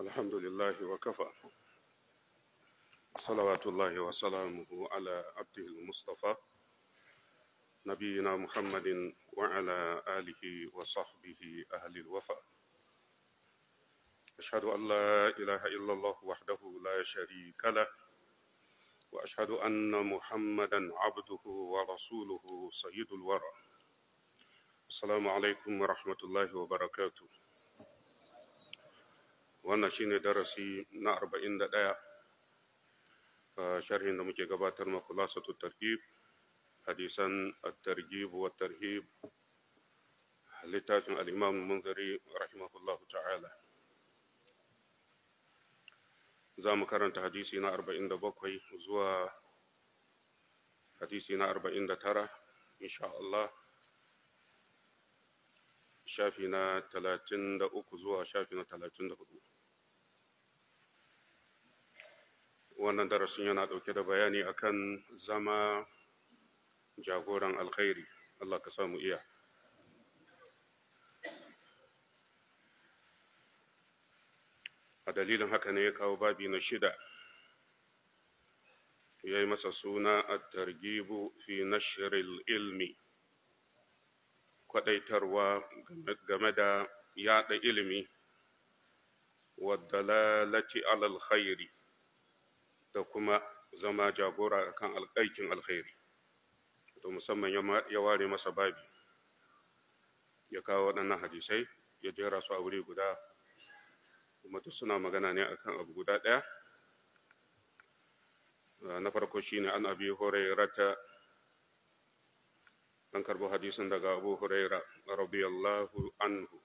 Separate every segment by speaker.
Speaker 1: الحمد لله وكفى صلوات الله وسلامه على عبده المصطفى نبينا محمد وعلى آله وصحبه أهل الوفاء أشهد أن لا إله إلا الله وحده لا شريك له وأشهد أن محمدا عبده ورسوله سيد الورى السلام عليكم ورحمة الله وبركاته wannan shine darasi na 41 a sharhin da muke gabatar ma khulasatu tarhib hadisan at-targhib wa tarhib littafin al-imam munzari rahimahullahu ta'ala za mu karanta hadisi na 47 zuwa hadisi na 49 insha Allah shafi na talatin da uku zuwa shafi na talatin da hudu wannan darasin yana ɗauke da bayani akan zama jagoran alkhairi Allah ka samu iya a dalilin haka ne ya kawo babi na shida ya yi masa suna a targibu fi nashiril ilmi kwadaitarwa game da yada ilimi wadda lalaci alal khairi da kuma zama jagora akan aikin alkhairi to musamman ya ware masa babi ya kawo waɗannan hadisai ya jera su a wuri guda kuma duk suna magana ne akan abu guda ɗaya na farko shine an abi rata. an karbo hadisin daga abu huraira radiyallahu anhu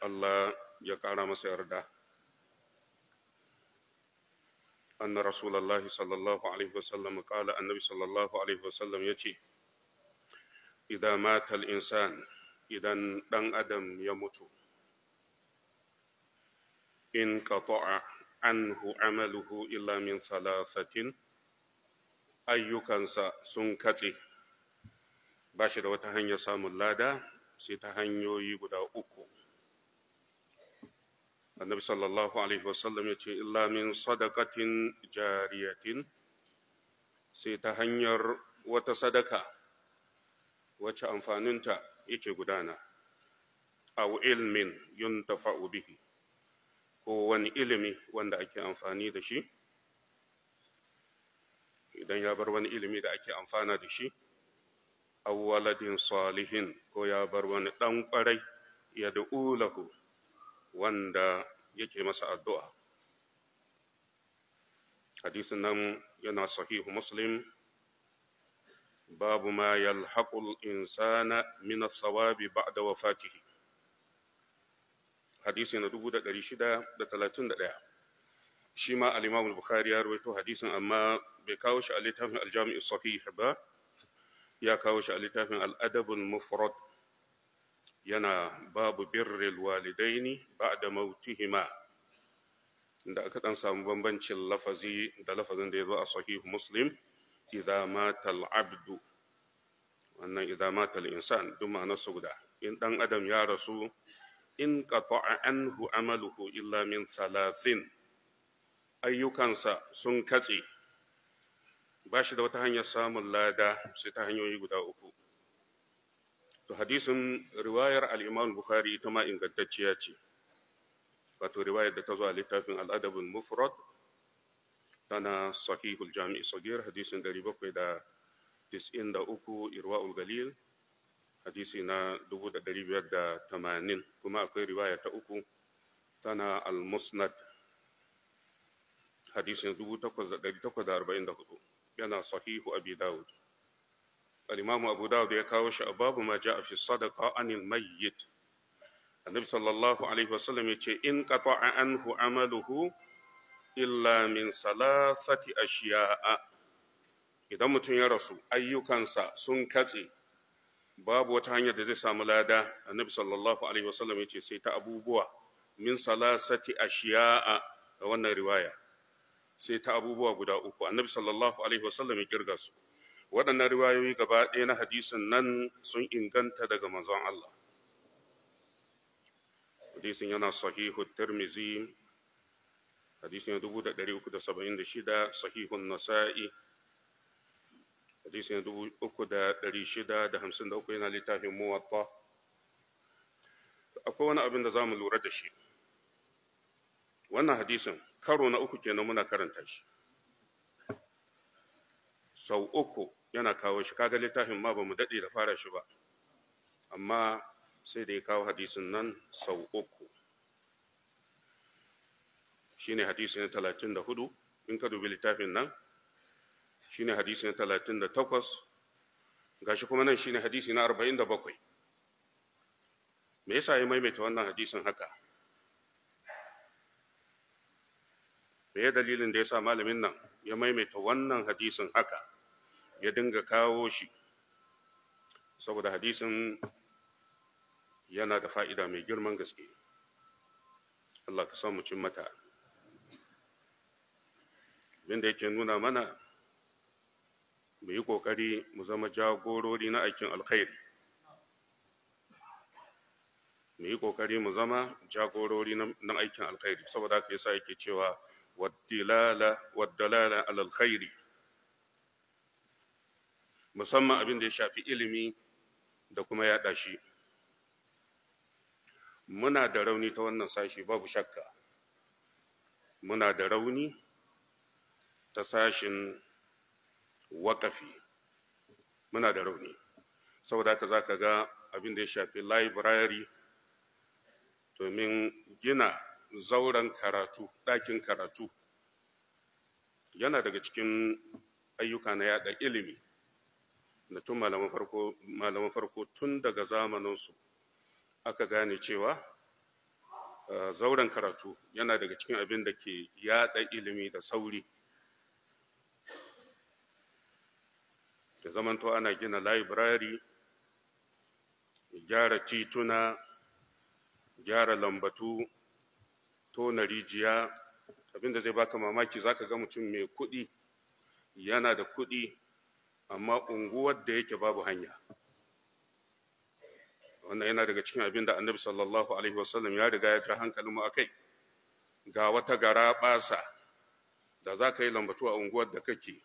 Speaker 1: Allah ya ƙara masa yarda أن رسول الله صلى الله عليه وسلم قال النبي صلى الله عليه وسلم يتي إذا مات الإنسان إذا دن أدم يموت إن قطع عنه عمله إلا من ثلاثة أيكنس سنكته ba shi da wata hanyar samun lada sai ta hanyoyi guda uku annabi sallallahu alaihi wasallam ya ce illa min sadakatin jariyatin sai ta hanyar wata sadaka wacce amfaninta yake gudana aw ilmin yuntafa'u bihi ko wani ilimi wanda ake amfani da shi idan ya bar wani ilimi da ake amfana da shi awwaladin salihin ko ya bar wani ɗan ƙwarai ya daulahu wanda yake masa addu'a. Hadisin nan yana sahihu Muslim, babu ma yalhaqul insana min sawabi ba'da wafatihi. Hadisi na ɗaya. Shi ma al-Imam Bukhari ya rubaito hadisin amma bai kawo shi a littafin al-Jami'in Sahih ba. ya kawo shi a littafin al'adabul mufrad yana babu birril walidaini da mautuhima Da aka ɗan samu bambancin lafazi da lafazin da ya zo a sahih muslim idza abdu wannan idza insan duk nasu guda in ɗan adam ya rasu in qata'a anhu amaluhu illa min salatin. ayyukansa sun katse ba shi da wata hanyar samun lada sai ta hanyoyi guda uku to hadisin riwayar al-imam bukhari ita ma ingantacciya ce wato riwayar da ta zo a littafin al-adabul mufrad tana sahihul jami'i sagir hadisin 793 irwaul galil hadisi na 1580 kuma akwai riwaya ta uku tana al-musnad hadisin 8844 yana sahihu abi dawud al-imamu abu dawud ya kawo shi a babu ma ja'a fi sadaqa anil mayyit annabi sallallahu alaihi wasallam yace in qata'a anhu amaluhu illa min salasati ashiya'a idan mutum ya rasu ayyukansa sun katse babu wata hanyar da zai samu lada annabi sallallahu alaihi wasallam yace sai ta abubuwa min salasati ashiya'a ga wannan riwaya sai ta abubuwa guda uku annabi sallallahu alaihi wasallam ya kirga su waɗannan riwayoyi gaba ɗaya na hadisin nan sun inganta daga manzon Allah hadisin yana sahihu tirmizi hadisin shida, sahihun nasa'i hadisin uku yana littafin muwatta akwai wani abin da za mu lura da shi wannan hadisin karo na uku kenan muna karanta shi sau uku yana kawo shi kaga littafin ma bamu daɗe da fara shi ba amma sai da ya kawo hadisin nan sau uku shine hadisi na talatin da hudu in ka dubi littafin nan shine hadisi na talatin da takwas gashi kuma nan shine hadisi na arba'in da bakwai me yasa ya maimaita wannan hadisin haka da ya dalilin da ya sa malamin nan ya maimaita wannan hadisin haka ya dinga kawo shi saboda hadisin yana da fa'ida mai girman gaske Allah ka samu cin abinda yake nuna mana mu yi ƙoƙari mu zama jagorori na aikin alkhairi mu yi ƙoƙari mu zama jagorori na aikin alkhairi saboda haka yasa yake cewa والدلالة والدلالة musamman abin da ya shafi ilimi da kuma yaɗa shi muna da rauni ta wannan sashi babu shakka muna da rauni ta sashin wakafi. muna da rauni saboda haka za ka ga abin da ya shafi library domin gina zauren karatu ɗakin karatu yana daga cikin ayyuka na yaɗa ilimi da tun malaman farko tun daga zamaninsu aka gane cewa zauren karatu yana daga cikin abin da ke yaɗa ilimi da sauri da zamanto ana gina library gyara tituna gyara lambatu tona rijiya abinda zai baka mamaki zaka ga mutum mai kuɗi yana da kuɗi amma unguwar da yake babu hanya wannan yana daga cikin abin da annabi sallallahu alaihi wasallam ya riga ya ta hankalin mu akai ga wata gara basa da za ka yi lambatu a unguwar da kake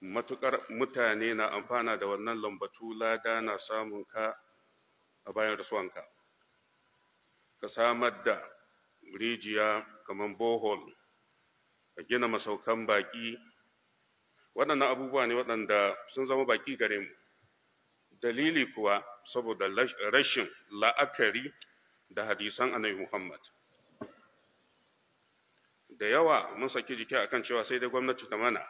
Speaker 1: matukar mutane na amfana da wannan lambatu lada na samun ka a bayan rasuwanka ka samar da rijiya kamar bohol ka gina masaukan baƙi waɗannan abubuwa ne waɗanda sun zama baƙi gare mu dalili kuwa saboda rashin la'akari da hadisan annabi muhammad da yawa mun saki jiki akan cewa sai dai gwamnati ta mana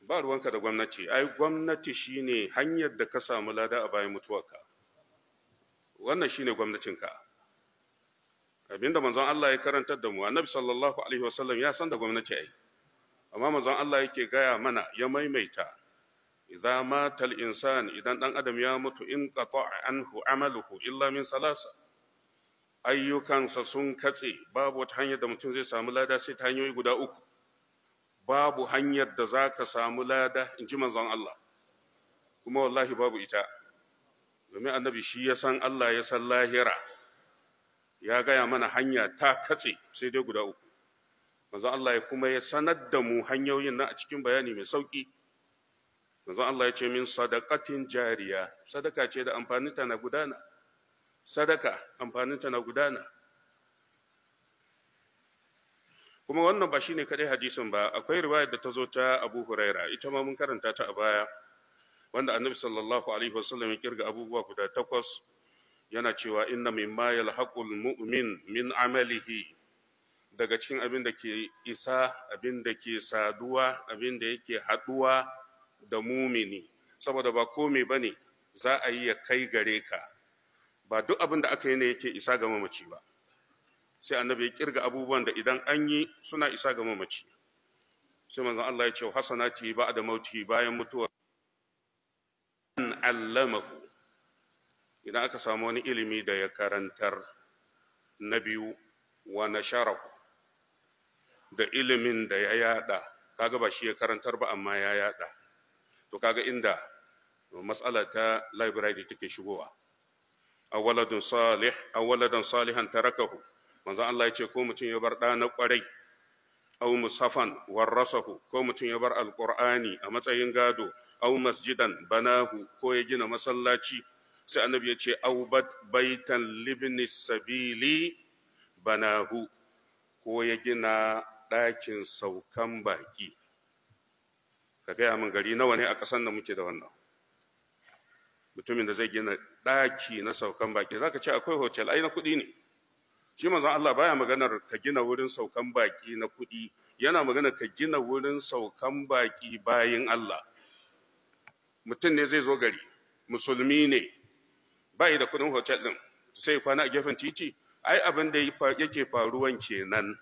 Speaker 1: ba ruwanka da gwamnati ai gwamnati shine hanyar da ka samu lada a bayan mutuwarka wannan shine gwamnatin ka. abinda manzon Allah ya karantar da mu annabi sallallahu alaihi wasallam ya san da gwamnati ai amma manzon Allah yake gaya mana ya maimaita idza matal insan idan dan adam ya mutu in qata'a anhu amaluhu illa min salasa ayyukansa sun katse babu wata hanyar da mutum zai samu lada sai ta hanyoyi guda uku babu hanyar da za ka samu lada in ji manzon Allah kuma wallahi babu ita domin annabi shi ya san Allah ya san lahira ya gaya mana hanya ta katse sai dai guda uku manzo Allah ya kuma ya sanar da mu hanyoyin nan a cikin bayani mai sauki manzo Allah ya ce min sadaqatin jariya sadaka ce da amfani ta na gudana sadaka amfani ta na gudana kuma wannan ba shine kadai hadisin ba akwai riwayar da ta zo ta Abu Huraira ita ma mun karanta ta a baya wanda Annabi sallallahu alaihi wasallam ya kirga abubuwa guda takwas yana cewa inna mimma yalhaqul mu'min min amalihi daga cikin abin da ke isa abin da ke saduwa abin da yake haduwa da mumini saboda ba komai bane za a yi ya kai gare ka ba duk abin da aka yi ne yake isa ga mamaci ba sai annabi ya kirga abubuwan da idan an yi suna isa ga mamaci sai manzon Allah ya ce hasanati ba'da mauti bayan mutuwa an allamahu idan aka samu wani ilimi da ya karantar na biyu wa na sharafu da ilimin da ya yada kaga ba shi ya karantar ba amma ya yada to kaga inda matsala ta library take shigowa a waladun salih a waladan salihan tarakahu manzo Allah yace ko mutum ya bar da na kwarai aw mushafan warasahu ko mutum ya bar alqur'ani a matsayin gado aw masjidan banahu ko ya gina masallaci sai annabi ya ce aubat baitan libni sabili banahu ko ya gina ɗakin saukan baki ka gaya min gari nawa ne a ƙasan da muke da wannan mutumin da zai gina ɗaki na saukan baki za ka ce akwai hotel ai na kuɗi ne shi manzon Allah baya maganar ka gina wurin saukan baki na kuɗi yana maganar ka gina wurin saukan baki bayin Allah mutum ne zai zo gari musulmi ne Ba yi da kudin hotel din sai kwana a gefen titi ai abin da yake faruwan kenan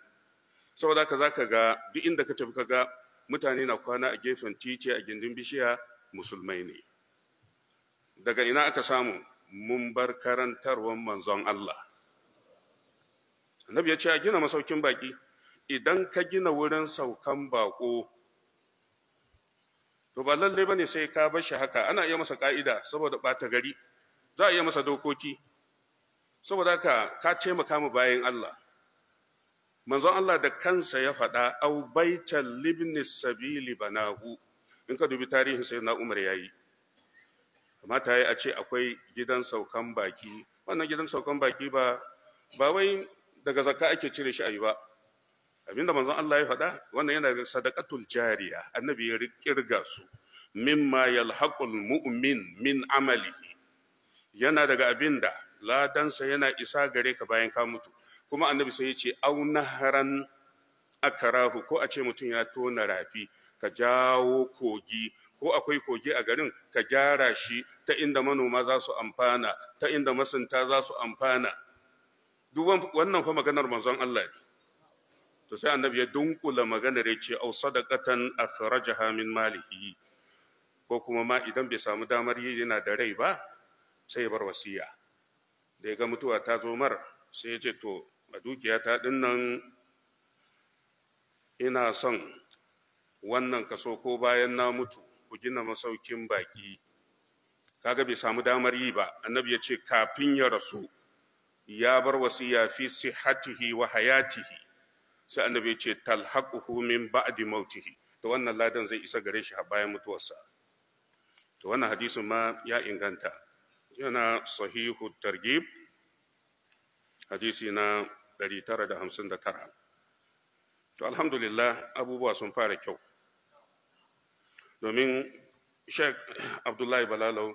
Speaker 1: saboda haka zaka ga duk inda ka tafi ga mutane na kwana a gefen titi a gindin bishiya musulmai ne daga ina aka samu mun bar karantarwar manzon Allah annabi ya ce a gina masaukin baki idan ka gina wurin saukan bako to ba lallai bane sai ka bar shi haka ana iya masa ka'ida saboda ɓata gari za a iya masa dokoki saboda haka ka taimaka mu bayan Allah manzon Allah da kansa ya faɗa au baital libni sabili banahu in ka dubi tarihin sayyidina Umar yayi kamata yayi a ce akwai gidan saukan baki wannan gidan saukan baki ba ba wai daga zakka ake cire shi ayi ba abinda manzon Allah ya faɗa wannan yana da sadaqatul jariya annabi ya kirga su mimma yalhaqul mu'min min amali yana daga abin da ladansa yana isa gare ka bayan ka mutu kuma annabi sai ya ce au naharan akarahu ko a ce mutum ya tona rafi ka jawo kogi ko akwai kogi a garin ka gyara shi ta inda manoma za su amfana ta inda masunta za su amfana duk wannan fa maganar manzon Allah ne to sai annabi ya dunkula maganar ya ce au sadaqatan akhrajaha min malihi ko kuma ma idan bai samu damar yi yana da rai ba sai ya bar wasiya da ya ga mutuwa ta zo mar sai ya ce to a dukiya ta dinnan ina son wannan kaso ko bayan na mutu ku gina masaukin baki kaga bai samu damar yi ba annabi ya ce kafin ya rasu ya bar wasiya fi sihatihi wa hayatihi sai annabi ya ce talhaquhu min ba'di mautihi to wannan ladan zai isa gare shi bayan mutuwarsa to wannan hadisin ma ya inganta yana sahihu targi, hadisi na 959 to alhamdulillah abubuwa sun fara kyau domin sheikh abdullahi balalau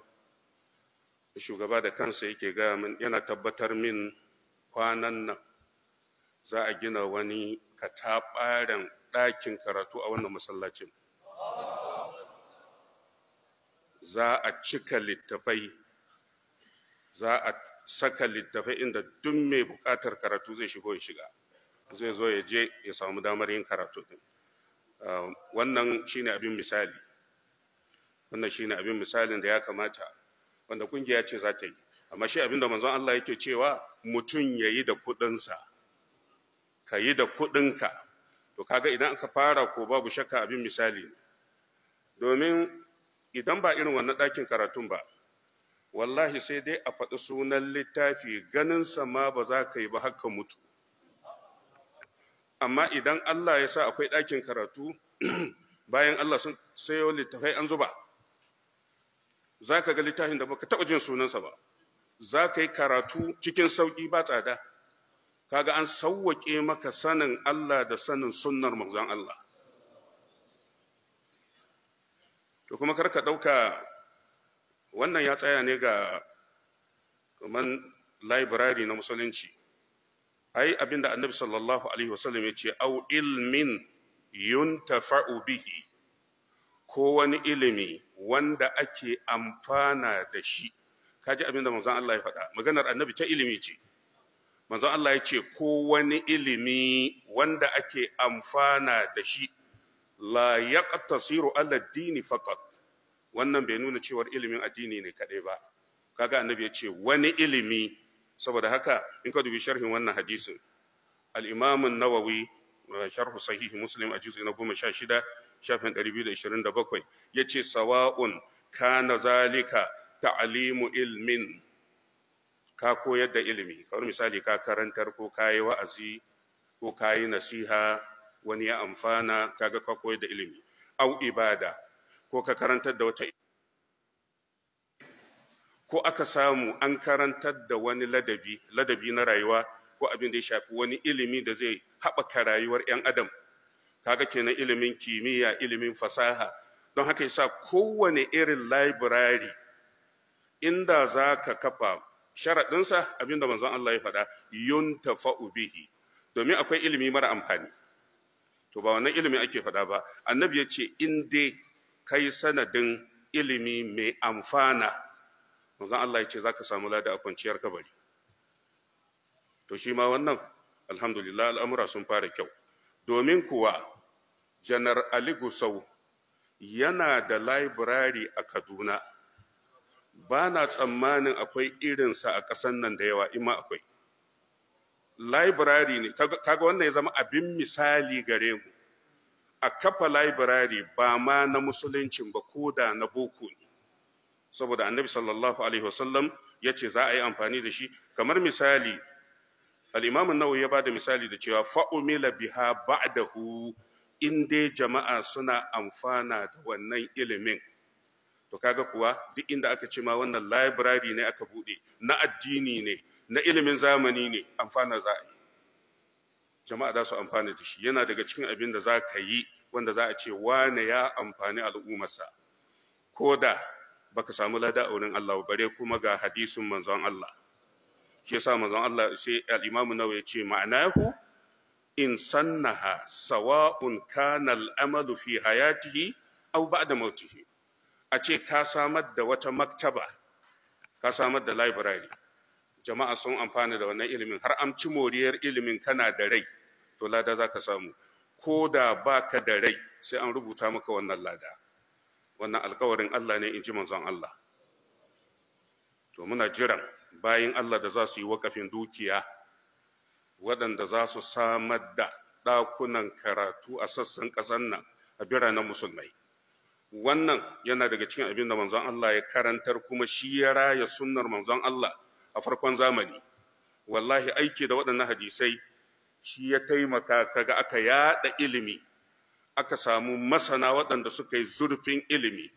Speaker 1: shugaba da kansa yake gaya min yana tabbatar min kwanan nan za a gina wani kataɓaren ɗakin karatu a wannan masallacin za a cika littafai za a saka littafai inda duk mai buƙatar karatu zai shigo ya shiga zai zo ya je ya samu damar yin karatu din ah, wannan shine abin misali wannan shine abin misalin da ya kamata wanda kungiya ce za ta yi amma shi abin da manzon Allah yake cewa mutum ya yi da kuɗinsa ka yi da kuɗinka to kaga idan aka fara ko babu shakka abin misali domin idan ba irin wannan ɗakin karatun ba wallahi sai dai a faɗi sunan littafi ganinsa ma ba za ka yi ba haka mutu amma idan Allah ya sa akwai ɗakin karatu bayan Allah sun sayo littafai an zuba za ka ga littafin da baka taɓa jin sunansa ba za ka yi karatu cikin sauƙi ba tsada kaga an sauwaƙe maka sanin Allah da sanin sunnar manzon Allah to kuma karka ɗauka wannan ya tsaya ne ga kaman library na musulunci ai abinda annabi sallallahu alaihi wasallam ya ce au ilmin yuntafa'u bihi ko wani ilimi wanda ake amfana da shi kaji abinda manzon Allah ya faɗa maganar annabi ta ilimi ce manzon Allah ya ce ko wani ilimi wanda ake amfana da shi la yaqtasiru ala dini faqat wannan bai nuna cewar ilimin addini ne kaɗai ba kaga annabi ya ce wani ilimi saboda haka in ka dubi sharhin wannan hadisin al-imam an-nawawi eh, sharh sahih muslim a juz'i na 16 shafin 227 yace sawa'un kana zalika ta'limu ilmin ka koyar da ilimi kamar misali ka karantar ko kayi wa'azi ko kayi nasiha wani ya amfana kaga ka koyar da ilimi au ibada ko ka karantar da wata ko aka samu an karantar da wani ladabi ladabi na rayuwa ko abin da ya shafi wani ilimi da zai haɓaka rayuwar 'yan adam kaga kenan ilimin kimiyya ilimin fasaha don haka yasa kowane irin library inda za ka kafa sharaɗinsa abinda manzon Allah ya faɗa yuntafa'u bihi domin akwai ilimi mara amfani to ba wannan ilimi ake faɗa ba annabi ya ce in dai kai sanadin ilimi mai amfana manzon Allah ya ce zaka samu lada a kwanciyar kabari to shi ma wannan alhamdulillah al'amura sun fara kyau domin kuwa janar Ali Gusau yana da library a Kaduna ba na tsammanin akwai irinsa a kasan nan da yawa ima akwai library ne kaga wannan ya zama abin misali gare mu a kafa library ba ma na musuluncin ba ko da na boko ne saboda annabi sallallahu alaihi wasallam ya ce za a yi amfani da shi kamar misali al'imamun nawawi ya ba da misali da cewa fa'umila biha ba'dahu in dai jama'a suna amfana da wannan ilimin to kaga kuwa duk inda aka ce ma wannan library ne aka bude na addini ne na ilimin zamani ne amfana za a jama'a za su amfana da shi yana daga cikin abin da za ka yi wanda za a ce wane ya amfani al'ummarsa ko da ba ka samu lada a wurin Allah bare kuma ga hadisin manzon Allah shi yasa manzon Allah sai al nawa Nawawi ya ce ma'anahu in sannaha sawa'un kana al-amalu fi hayatihi aw ba'da mautihi a ce ka samar da wata maktaba ka samar da library jama'a sun amfana da wannan ilimin har amci moriyar ilimin kana da rai to lada za ka samu ko da ba ka da rai sai an rubuta maka wannan lada wannan alkawarin Allah ne in ji manzon Allah to muna jiran bayin Allah da za su yi wakafin dukiya waɗanda za su samar da ɗakunan karatu a sassan ƙasar nan a biranen musulmai wannan yana daga cikin abin da manzon Allah ya karantar kuma shi ya raya sunnar manzon Allah a farkon zamani wallahi aiki da waɗannan hadisai shi ya taimaka kaga aka yada ilimi aka samu masana waɗanda suka yi zurfin ilimi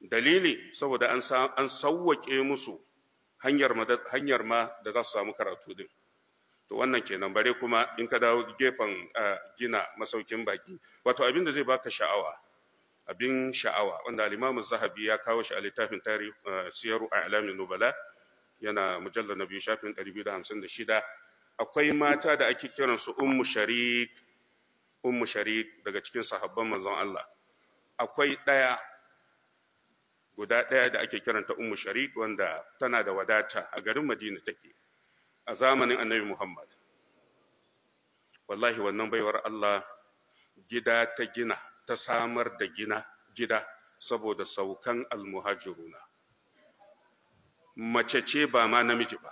Speaker 1: dalili saboda an sauwaƙe musu hanyar ma da za su samu karatu din to wannan kenan bare kuma in ka dawo gefen gina masaukin baki wato abin da zai baka sha'awa abin sha'awa wanda al Zahabi ya kawo shi a littafin tarihi Siyaru Alamin Nubala yana mujallar na biyu shafin 256 akwai mata da ake kiransu ummu sharik ummu sharik daga cikin sahabban manzon Allah akwai ɗaya guda ɗaya da ake kiranta ummu sharik wanda tana da wadata a garin Madina take a zamanin Annabi Muhammad wallahi wannan baiwar Allah gida ta gina ta samar da gina gida saboda saukan almuhajiruna mace ce ba ma namiji ba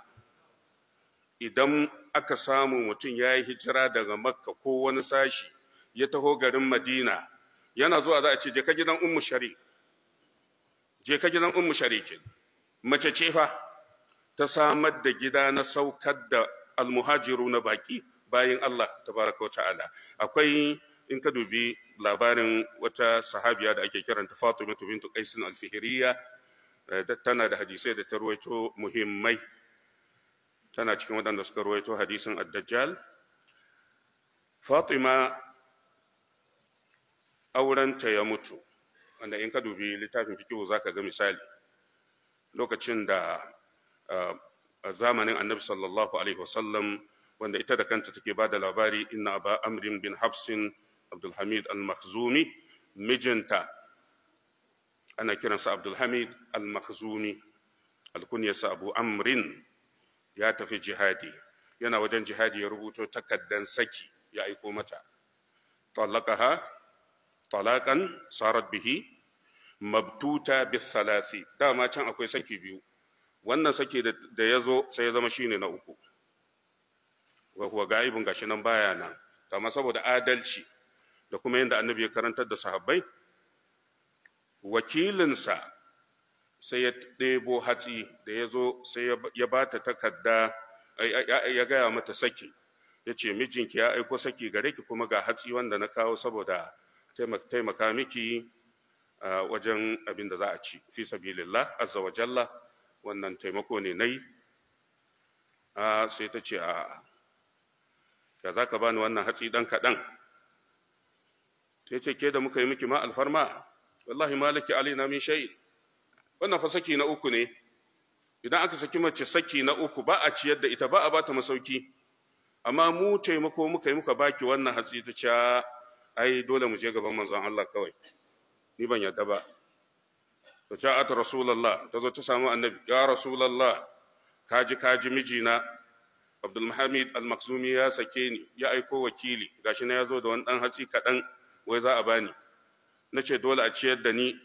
Speaker 1: idan aka samu mutum ya yi hijira daga makka ko wani sashi ya taho garin madina yana zuwa za a ce je ka gidan ummu shari je ka gidan ummu sharikin mace ce fa ta samar da gida na saukar da almuhajiru na baki bayan Allah ta baraka wa ta'ala akwai in ka dubi labarin wata sahabiya da ake kiranta Fatima bintu Qais al-Fihriya eh, tana da hadisai da ta ruwaito muhimmai tana cikin waɗanda suka ruwaito hadisin ad-dajjal fatima aurenta ya mutu wanda in ka dubi littafin fikihu ka ga misali lokacin da a zamanin annabi sallallahu alaihi wasallam wanda ita da kanta take ba da labari inna ba amrin bin hafsin abdulhamid al-makhzumi mijinta ana kiransa abdulhamid al-makhzumi al-kunyasa abu amrin ya tafi jihadi yana wajen jihadi ya rubuto takaddan saki ya aiko mata talaqaha talaqan sarat bihi mabtuta bis salasi dama can akwai saki biyu wannan saki da ya zo sai ya zama shine na uku wa huwa ga'ibun gashi nan baya nan amma saboda adalci da kuma yadda annabi ya karantar da sahabbai wakilinsa sai ya ɗebo hatsi da ya zo sai ya ba ta takarda ya gaya mata saki ya ce mijinki ya aiko saki gare ki kuma ga hatsi wanda na kawo saboda taimaka miki wajen abin da za a ci fi sabilillah azza wa jalla wannan taimako ne nayi sai ta ce a ya za ka bani wannan hatsi ɗan kaɗan ta ce ke da muka yi miki ma alfarma wallahi maliki alina min shayi wannan fa saki na uku ne idan aka saki mace saki na uku ba a ciyar da ita ba a bata masauki amma mu taimako muka yi muka baki wannan hatsi ta ca ai dole mu je gaban manzon Allah kawai ni ban yarda ba ta ca ata rasulullah ta zo ta samu annabi ya rasulullah kaji kaji mijina Abdul Muhammad Al-Maksumi ya sake ni ya aiko wakili gashi na ya zo da wani dan hatsi kaɗan wai za a bani na ce dole a ciyar da ni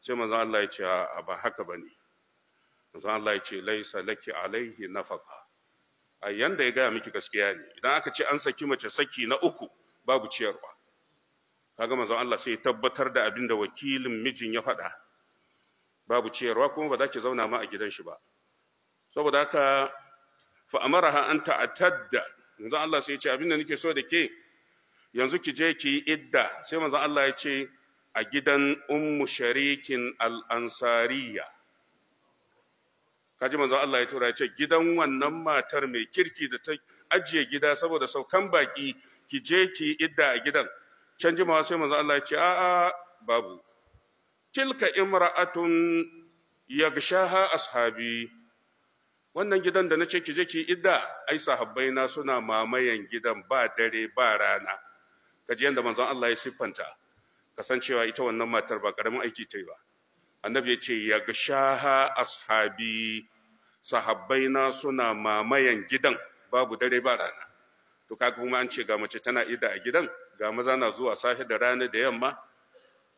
Speaker 1: sai manzo Allah ya ce a ba haka bane manzo Allah ya ce laisa laki alaihi nafaka a yanda ya gaya miki gaskiya ne idan aka ce an saki mace saki na uku babu ciyarwa kaga manzo Allah sai ya tabbatar da abin da wakilin mijin ya faɗa babu ciyarwa kuma ba za ki zauna ma a gidan shi ba saboda haka fa amaraha an ta'tadda manzo Allah sai ya ce abin da nake so da ke yanzu ki je ki yi idda sai manzo Allah ya ce a gidan ummu sharikin al'ansariya kaji manzo Allah ya tura ya ce gidan wannan matar mai kirki da ta ajiye gida saboda saukan baki ki je ki idda a gidan can ji sai manzo Allah ya ce a'a babu tilka imra'atun yagshaha ashabi wannan gidan da na ce ki je ki idda ai na suna mamayan gidan ba dare ba rana kaji yanda manzon Allah ya siffanta kasancewa ita wannan matar ba karamin aiki ta yi ba annabi ya ce ya ga shaha ashabi na suna mamayan gidan babu dare ba rana to ka kuma an ce ga mace tana ida a gidan ga maza na zuwa safe da rana da yamma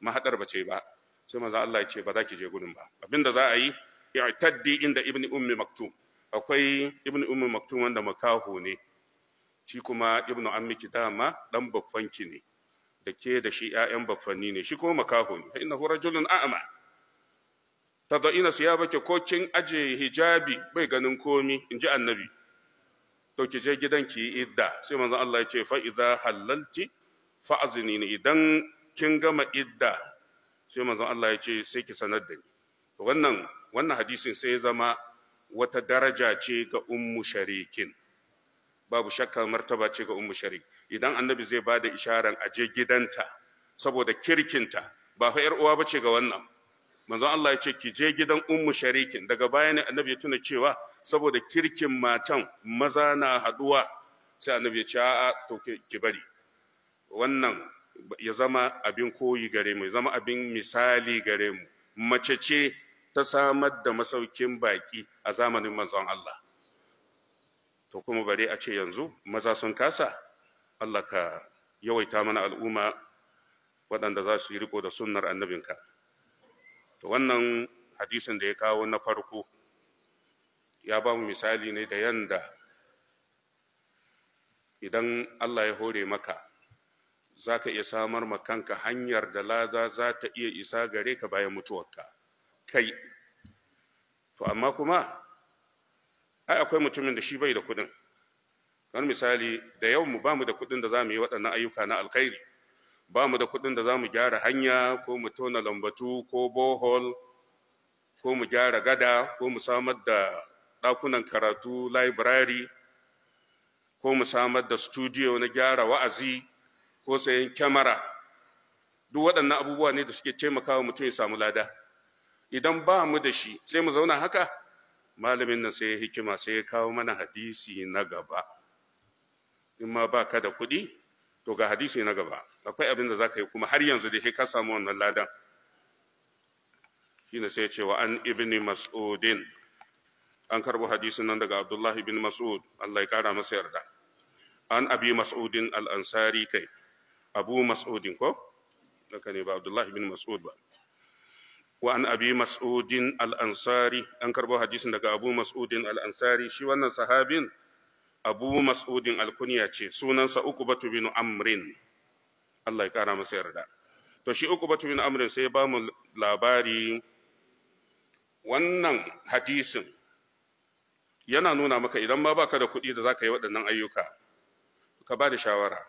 Speaker 1: mahadar ba ce ba sai manzo Allah ya ce ba za ki je gurin ba abinda za a yi i'taddi inda ibni ummi maktum akwai ibni ummi maktum wanda makaho ne shi kuma ibnu ammi dama dan babban ki ne da ke da shi ‘ya'yan baffanni ne, shi ko makaho ne, ina hura julin a'ama, ta ina su ya bake ko kin aje hijabi bai ganin komi, in ji annabi, to ki je gidan ki yi idda, sai manzon Allah ya ce fa'iza halalti fa'azini ne idan kin gama idda, sai manzon Allah ya ce sai ki sanar da ni. Wannan, wannan hadisin sai ya zama wata daraja ce ga ummu sharikin. babu shakka martaba ce ga ummu sharik idan annabi zai bada isharan aje gidanta saboda kirkinta ba fa yar uwa bace ga wannan manzon Allah ya ce ki je gidan ummu sharikin daga baya ne annabi ya tuna cewa saboda kirkin matan maza na haduwa sai annabi ya ce a'a to ki bari wannan ya zama abin koyi gare mu ya zama abin misali gare mu mace ce ta samar da masaukin baki a zamanin manzon Allah to kuma bari a ce yanzu maza sun kasa Allah ka yawaita mana al'umma waɗanda za su yi riko da sunnar annabinka to wannan hadisin da ya kawo na farko ya ba mu misali ne da yanda idan Allah ya hore maka za ka iya samar ma kanka hanyar da lada za ta iya isa gare ka bayan mutuwarka kai to amma kuma ai akwai mutumin da shi bai da kuɗin kamar misali da yau mu bamu da kuɗin da za mu yi waɗannan ayyuka na alkhairi bamu da kuɗin da za mu gyara hanya ko mu tona lambatu ko bohol ko mu gyara gada ko mu samar da ɗakunan karatu library ko mu samar da studio na gyara wa'azi ko sayan kyamara duk waɗannan abubuwa ne da suke taimakawa mutum ya samu lada idan ba mu da shi sai mu zauna haka malamin nan sai ya hikima sai ya kawo mana hadisi na gaba in ma ba ka da kuɗi to ga hadisi na gaba akwai abin da za ka yi kuma har yanzu da ka samu wannan ladan shine sai ce wa an ibni mas'udin an karbo hadisin nan daga abdullahi ibn mas'ud Allah ya kara masa yarda an abi mas'udin al-ansari kai abu mas'udin ko haka ne ba abdullahi ibn mas'ud ba Wa'an an abi mas'udin al-ansari an karbo hadisin daga abu mas'udin al-ansari shi wannan sahabin abu mas'udin al-kunya ce sunansa uku batu bin amrin Allah ya kara masa yarda to shi uku batu bin amrin sai bamu labari wannan hadisin yana nuna maka idan ma baka da kuɗi da zaka yi waɗannan ayyuka ka ba da shawara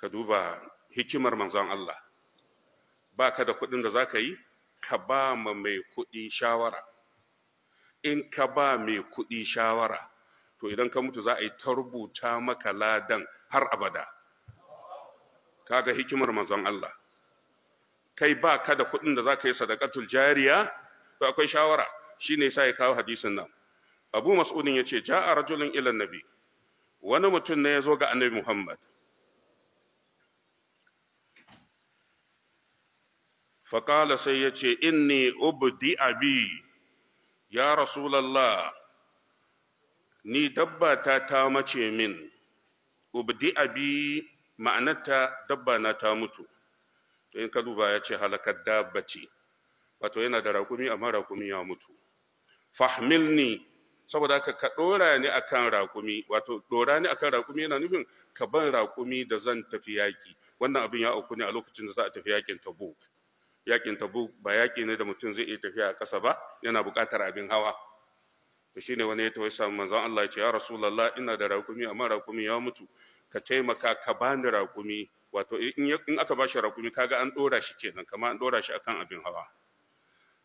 Speaker 1: ka duba hikimar manzon Allah baka da kuɗin da za ka yi ka ba ma mai kuɗi shawara in ka ba mai kuɗi shawara to idan ka mutu za a yi ta rubuta maka ladan har abada Ka ga hikimar manzon Allah kai ba ka da kuɗin da za ka yi sadakatul jariya to akwai shawara shi ne sa ya kawo hadisin nan abu mas'udin ya ce ja'a rajulin ilan nabi wani mutum ne ya zo ga annabi muhammad faƙala sai ya ce inni ubdi abi ya rasulallah ni dabba ta ta mace min ubdi abi ma'anarta dabba na ta mutu in ka duba ya ce halakar dabba ce wato yana da rakumi amma rakumi ya mutu fahmilni saboda haka ka ɗora ni akan rakumi wato ɗora ni akan rakumi yana nufin ka ban rakumi da zan tafi yaƙi wannan abin ya auku ne a lokacin da za a tafi yaƙin tabuk yakin tabu ba yaki ne da mutum zai iya tafiya a ƙasa ba yana buƙatar abin hawa to shine wani ya tawaye samu manzon Allah ya ce ya rasulullah ina da rakumi amma rakumi ya mutu ka taimaka ka bani rakumi wato in aka ba shi rakumi kaga an dora shi kenan kamar an dora shi akan abin hawa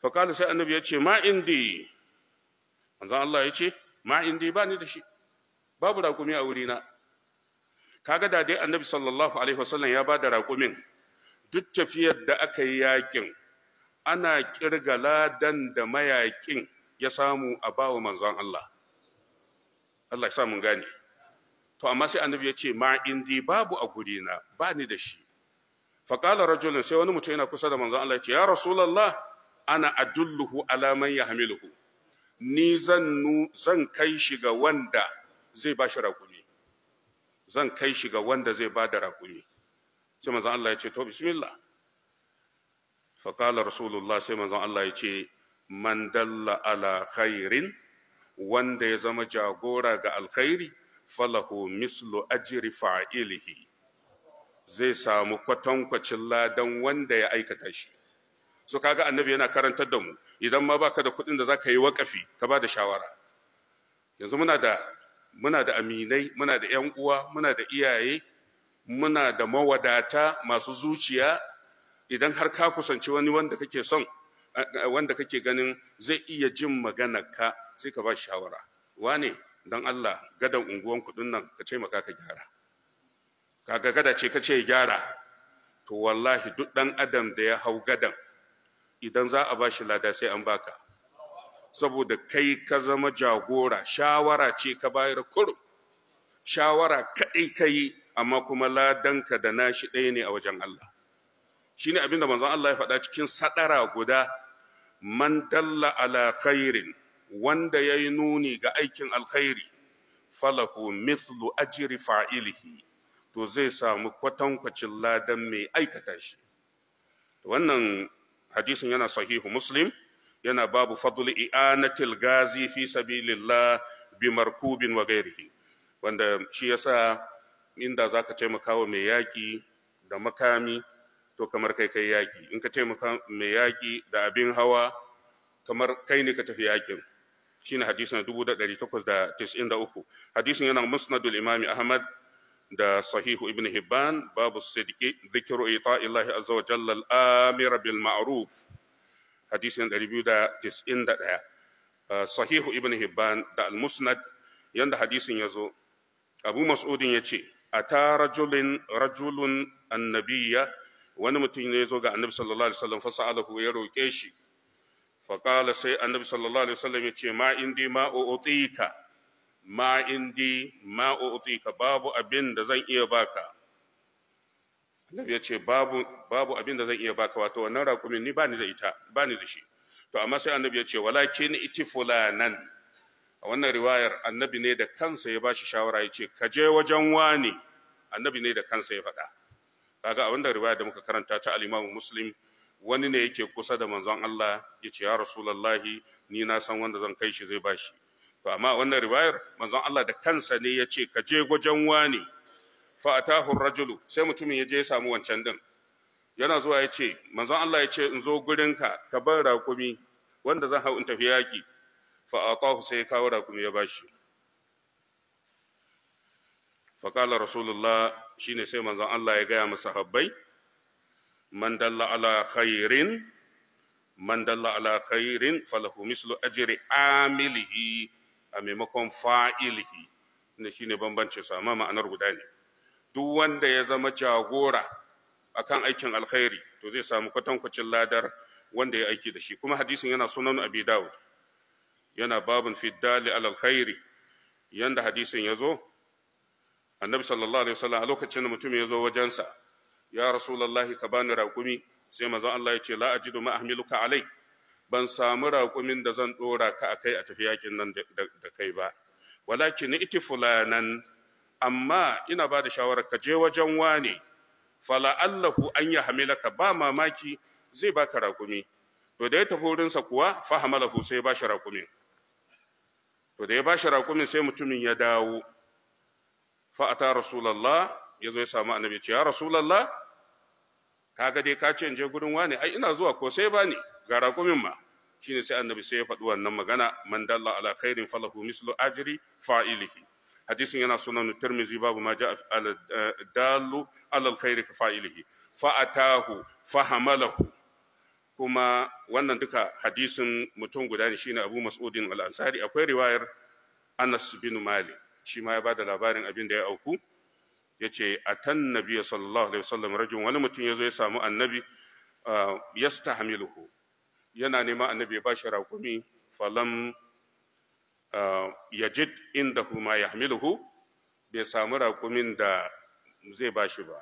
Speaker 1: fa kala sai annabi ya ce ma indi manzon Allah ya ce ma indi ba ni da shi babu rakumi a wurina kaga da dai annabi sallallahu alaihi wasallam ya ba da rakumin duk tafiyar da aka yi yakin ana kirga ladan da mayaƙin ya samu a bawa manzon Allah Allah ya sa mun gane to amma sai annabi ya ce ma indi babu a gurina ba ni da shi qala rajulun sai wani mutum yana kusa da manzon Allah ya ce ya rasulullah ana adulluhu ala man yahmiluhu ni zan zan kai shi ga wanda zai ba shi zan kai shi ga wanda zai ba da raƙumi sai manzon Allah ya ce to bismillah fa qala rasulullah sai manzon Allah ya ce man dalla ala khairin wanda ya zama jagora ga alkhairi falahu mislu ajri fa'ilihi zai samu kwatankwacin ladan wanda ya aikata shi so kaga annabi yana karantar da mu idan ma baka da kuɗin da zaka yi wakafi ka bada shawara yanzu muna da muna da aminai muna da yan uwa muna da iyaye muna da mawadata masu zuciya idan har ka kusanci wani wanda kake son wanda kake ganin zai iya jin maganarka sai ka ba shawara wane don Allah gadan unguwan kudin nan ka taimaka ka gyara kaga gada ce ka ce gyara to wallahi duk dan adam da ya hau gadan idan za a bashi lada sai an baka saboda kai ka zama jagora shawara ce ka bayar kurum shawara kaɗai ka yi amma kuma ladanka da nashi ɗaya ne a wajen Allah shi shine abinda manzon Allah ya faɗa cikin saɗara guda man dalla ala khairin wanda yi nuni ga aikin alkhairi falahu mithlu ajiri fa'ilihi to zai samu kwatankwacin ladan mai aikata shi wannan hadisin yana sahihu muslim yana babu fadl i'anatil gazi fi sabilillah bi markubin wa gairihi, wanda shi yasa inda za ka taimaka wa mai yaƙi da makami to kamar kai kai yaƙi in ka taimaka mai yaƙi da abin hawa kamar kai ne ka tafi yaƙin shine hadisin uku. hadisin yana musnadul imami ahmad da sahihu ibn hibban babu sidqi dhikru ita'illahi azza wa jalla al-amira bil ma'ruf hadisin ɗaya. Ah, sahihu ibn hibban da al-musnad yanda hadisin yazo abu mas'udin ya ce. ata rajulin rajulun annabiyya wani mutum ne zo ga annabi sallallahu alaihi wasallam fasa'alahu ya roke shi fa qala sai annabi sallallahu alaihi wasallam ya ce ma indi ma u'tika ma indi ma u'tika babu abin da zan iya baka annabi ya ce babu babu abin da zan iya baka wato wannan raƙumin ni ba ni da ita ba ni da shi to amma sai annabi ya ce walakin itifulanan a wannan riwayar annabi ne da kansa ya bashi shawara ya ce ka je wajen wani annabi ne da kansa ya faɗa kaga a wannan riwaya da muka karanta ta al-Imam Muslim wani ne yake kusa da manzon Allah ya ce ya Rasulullahi ni na san wanda zan kai shi zai bashi to amma a wannan riwayar manzon Allah da kansa ne ya ce ka je wajen wani fa atahu rajulu sai mutumin ya je ya samu wancan din yana zuwa ya ce manzon Allah ya ce in zo gurin ka ka bar raƙumi wanda zan hau in tafi yaƙi fa atahu sai ya kawo rakumi ya bashi fa qala rasulullah shine sai manzon Allah ya gaya masa habbai man dalla falahu mislu ajri amilihi a maimakon fa'ilihi ne shine bambancin sama ma'anar guda ne duk wanda ya zama jagora akan aikin alkhairi to zai samu kwatankwacin ladar wanda ya aiki da shi kuma hadisin yana sunan abi dawud yana babun fi dali alal khairi yanda hadisin ya zo annabi sallallahu alaihi wasallam a lokacin mutum ya zo wajensa ya rasulullahi ka bani raƙumi sai mazan Allah ya ce la ajidu ma ahmiluka alai ban samu raƙumin da zan dora ka akai a tafi yakin nan da kai ba walakin iti fulanan amma ina bada da shawarar ka je wajen wane fala allahu an ya hamilaka ba mamaki zai baka raƙumi to da ya tafi wurinsa kuwa fahamalahu sai ba shi raƙumin to da ya bashi raƙumin sai mutumin ya dawo fa'ata rasulullah ya zo ya samu annabi ce ya rasulullah kaga dai ka ce in je gurin wane- ai ina zuwa ko sai bani ga raƙumin ma shine sai annabi sai ya faɗi wannan magana man dalla ala khairin falahu mislu ajri fa'ilihi hadisin yana sunan tirmizi babu ma ja'a eh, dalu ala alkhairi fa'ilihi fa'atahu fahamalahu kuma wannan duka hadisin mutum guda ne shine Abu Mas'udin al-Ansari akwai riwayar Anas bin Malik shi ma ya bada labarin abin da ya auku yace atan nabiy sallallahu alaihi wasallam rajul wani mutum yazo ya samu annabi ah, yastahmiluhu yana nema annabi ya bashi raƙumi falam ah, yajid indahu ma yahmiluhu bai samu rakumin da zai bashi ba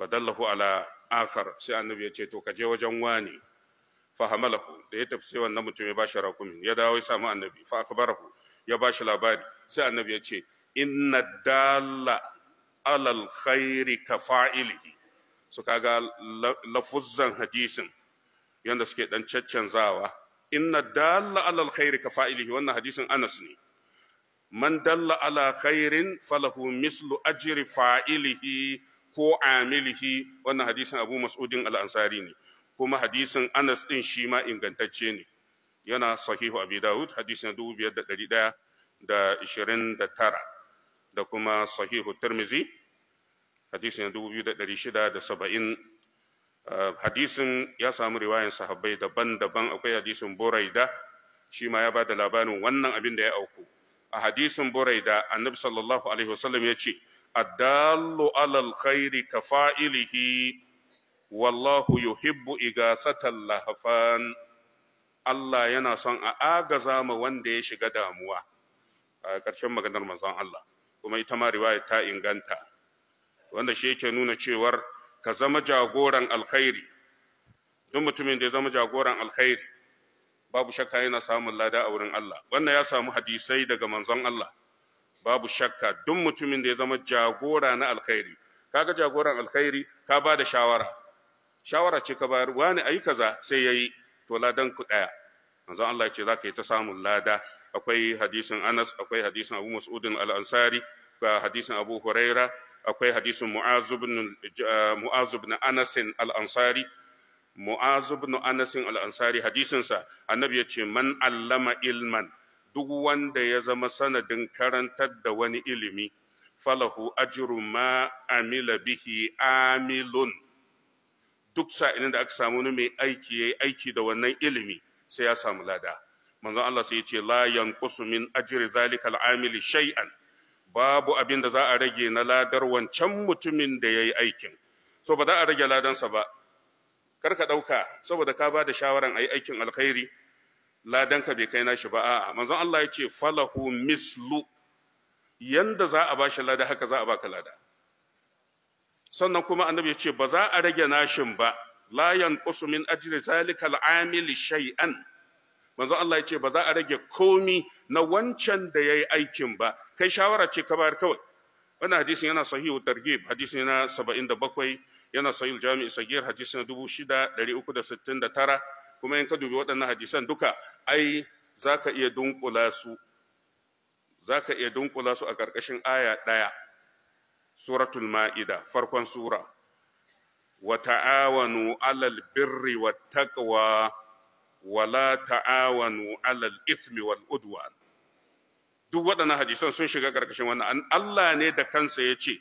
Speaker 1: fadallahu ala akhar sai annabi ya ce to ka je wajen wani fa hamalahu da ya tafi sai wannan mutum ya bashi rakumin ya dawo ya samu annabi fa akbarahu ya bashi labari sai annabi ya ce inna dalla alal khairi ka fa'ilihi su kaga lafuzzan hadisin yanda suke dan caccanzawa inna dalla alal khairi ka fa'ilihi wannan hadisin Anas ne man dalla ala khairin falahu mislu ajri fa'ilihi ko amilihi wannan hadisin abu mas'udin al'ansari ne kuma hadisin anas ɗin shi ma ingantacce ne yana sahihu abi dawud hadisin dubu da da kuma sahihu tirmizi hadisin dubu da ah, hadisin ya samu riwayan sahabbai daban-daban akwai hadisin buraida shi ma ya ba da labarin wannan abin da ya auku a hadisin buraida annabi sallallahu alaihi wasallam ya ce addallu alal khairi ka fa'ilihi wallahu yuhibbu igasatal lahafan Allah yana son a agaza ma wanda ya shiga damuwa a karshen maganar manzon Allah kuma ita ma riwaya ta inganta wanda shi yake nuna cewar ka zama jagoran alkhairi duk mutumin da ya zama jagoran alkhairi babu shakka yana samun lada a wurin Allah wannan ya samu hadisai daga manzon Allah babu shakka duk mutumin da ya zama jagora na alkhairi kaga jagoran alkhairi ka ba da shawara shawara ce ka bayar wani ayi kaza sai yayi to ladan ku daya manzon Allah ce zaka yi ta samun lada akwai hadisin Anas akwai hadisin Abu Mas'ud al-Ansari ga hadisin Abu Huraira akwai hadisin Mu'az ibn Mu'az ibn Anas al-Ansari Mu'az ibn Anas al-Ansari hadisin sa annabi yace man allama ilman duk wanda ya zama sanadin karantar da wani ilimi falahu ajru ma amila bihi amilun duk da aka samu mai aiki yayi aiki da wannan ilimi sai ya samu lada manzo Allah sai ya ce la yanqusu min ajri zalika shay'an babu abin da za a rage na ladar wancan mutumin da yayi aikin so ba za a rage ladansa ba kar ka dauka saboda ka ba da shawaran ayi aikin alkhairi ladanka bai kai nashi ba a'a manzon Allah ya ce falahu mislu yanda za a bashi lada haka za a baka lada sannan kuma annabi ya ce ba za a rage nashin ba la yanqusu min ajri zalika al-amil shay'an manzon Allah ya ce ba za a rage komi na wancan da yayi aikin ba kai shawara ce ka bayar kawai wannan hadisin yana sahihu targhib hadisin yana 77 yana sahihu jami'i sagir hadisin 6369 kuma in ka dubi waɗannan hadisan duka ai zaka iya dunkula su zaka iya dunkula su a ƙarƙashin aya ɗaya suratul ma'ida farkon sura wa ta'awanu alal birri wat taqwa wa la ta'awanu alal ithmi wal udwan duk waɗannan hadisan sun shiga ƙarƙashin wannan Allah ne da kansa ya ce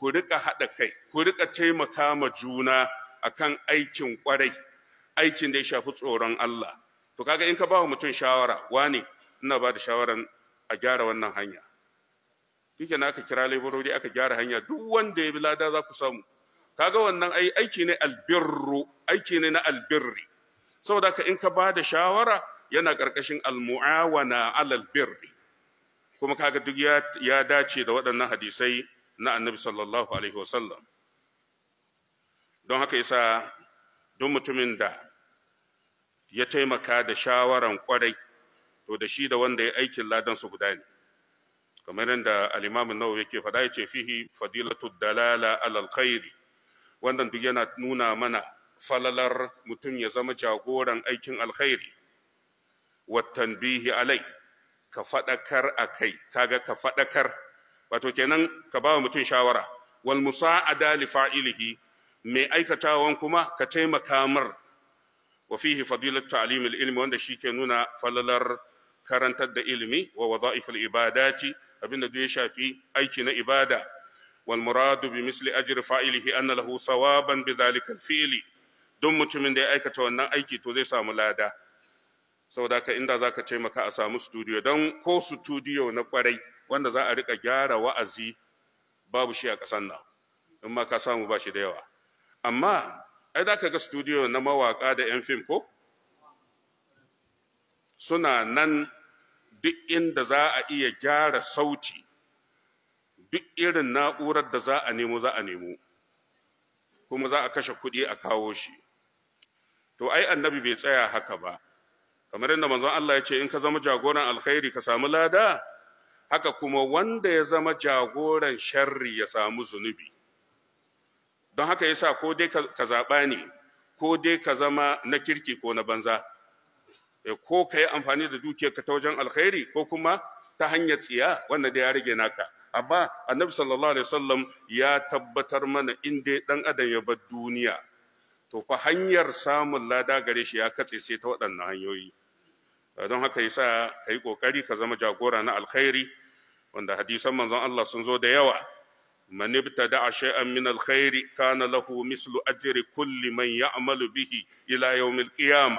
Speaker 1: ku riƙa haɗa kai ku riƙa taimaka ma juna akan aikin kwarai. aikin da ya shafi tsoron Allah to kaga in ka ba mutum shawara wane ina ba da shawaran a gyara wannan hanya kike na aka kira laiburori aka gyara hanya duk wanda ya bi lada za ku samu kaga wannan ai aiki ne albirru aiki ne na albirri saboda ka in ka ba da shawara yana karkashin almu'awana alal birri kuma kaga duk ya dace da waɗannan hadisai na annabi sallallahu alaihi wasallam don haka yasa duk mutumin da ya taimaka da shawaran kwarai to da shi da wanda ya aikin ladan su guda ne kamar yadda al nawa nawawi yake faɗa yace fihi fadilatu dalala alal khairi wannan duk yana nuna mana falalar mutum ya zama jagoran aikin alkhairi wa tanbihi alai ka faɗakar akai kaga ka faɗakar wato kenan ka ba mutum shawara wal musa'ada li fa'ilihi mai aikatawan kuma ka taimaka mar wa fihi fadilat ta'lim al-ilmi wanda shike nuna falalar karantar da ilimi wa wadha'if al-ibadati abinda da ya shafi aiki na ibada wal muradu bi misli ajri fa'ilihi anna lahu sawaban bi dhalika al-fi'li don mutumin da ya aikata wannan aiki to zai samu lada saboda ka inda zaka taimaka a samu studio dan ko studio na kwarai wanda za a rika gyara wa'azi babu shi a ƙasar nan in ma ka samu ba shi da yawa amma ai da ka ga studio na mawaƙa da 'yan fim ko suna nan duk inda za a iya gyara sauti duk irin na'urar da za a nemo za a nemo kuma za a kashe kuɗi a kawo shi to ai annabi bai tsaya haka ba kamar yadda manzon Allah ya ce in ka zama jagoran alkhairi ka samu lada haka kuma wanda ya zama jagoran sharri ya samu zunubi don haka yasa ko dai ka zaɓa ni, ko dai ka zama na kirki ko na banza e, ko ka yi amfani da ka ta wajen alkhairi ko kuma ta hanyar tsiya wanda da ya rage naka amma annabi sallallahu alaihi wasallam ya tabbatar mana in dai dan adam ya bar duniya to fa hanyar samun lada gare shi ya katse sai ta waɗannan hanyoyi e, don haka yasa kai kokari ka zama jagora na alkhairi wanda hadisan manzon Allah sun zo da yawa من ابتدع شيئا من الخير كان له مثل أجر كل من يعمل به إلى يوم القيامة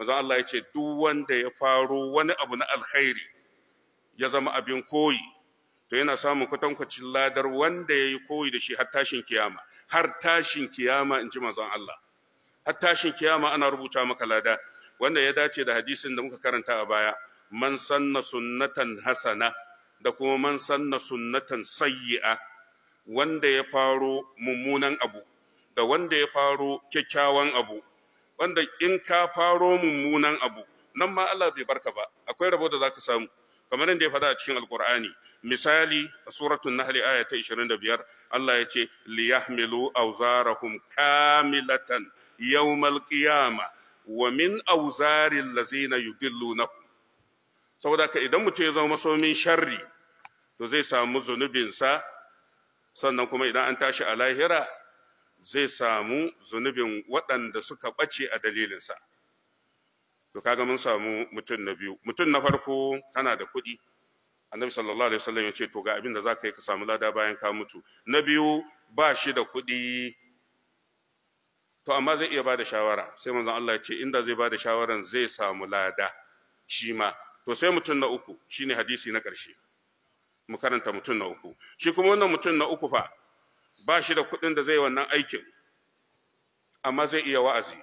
Speaker 1: manzon Allah ya ce duk wanda ya faro wani abu na alkhairi ya zama abin koyi to yana samun kwatankwacin ladar wanda ya yi koyi da shi har tashin kiyama har tashin kiyama in ji Allah har tashin kiyama ana rubuta maka lada wanda ya dace da hadisin da muka karanta a baya man sanna sunnatan hasana da kuma man sanna sunnatan sayyi'a wanda ya faro mummunan abu da wanda ya faro kyakkyawan abu wanda in ka faro mummunan abu nan ma Allah bai barka ba akwai rabo da zaka samu kamar inda ya faɗa a cikin alqur'ani misali a suratul nahl aya ta 25 Allah ya ce liyahmilu awzarahum kamilatan yawmal qiyama wa min awzaril lazina yudilluna saboda ka idan mutum ya zama masomin sharri to zai samu zunubinsa sannan kuma idan an tashi a lahira zai samu zunubin waɗanda suka ɓace a dalilinsa to kaga mun samu mutum na biyu mutum na farko kana da kuɗi annabi sallallahu alaihi wasallam ya ce to ga abin da za yi ka samu lada bayan ka mutu na biyu ba shi da kuɗi to amma zai iya bada shawara sai manzon Allah ya ce inda zai bada shawaran zai samu lada shi ma to sai mutum na uku shine hadisi na ƙarshe mu karanta mutum na uku shi kuma wannan mutum na uku fa ba shi da kuɗin da zai wannan aikin amma zai iya wa'azi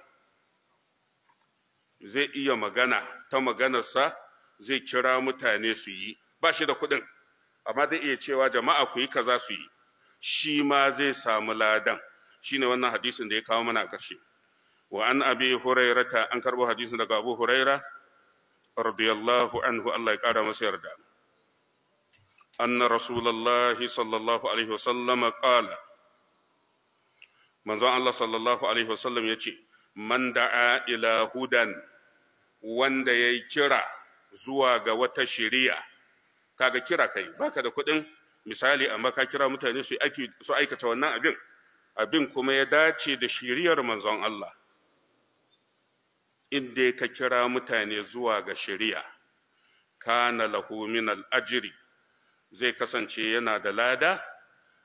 Speaker 1: zai iya magana ta maganarsa zai kira mutane su yi ba shi da kuɗin amma zai iya cewa jama'a ku yi kaza su yi shi ma zai samu ladan shine wannan hadisin da ya kawo mana a ƙarshe wa an abi hurairata an karbo hadisin daga abu huraira radiyallahu anhu Allah ya kara masa yarda أن رسول الله صلى الله عليه وسلم قال من الله صلى الله عليه وسلم من دعا إلى هدى wanda ya yi kira zuwa ga wata shiriya kaga kira kai baka da kuɗin misali amma ka kira mutane su su aikata wannan abin abin kuma ya dace da shiriyar manzon Allah Inda ka kira mutane zuwa ga shiriya kana lahu min al-ajri zai kasance yana da lada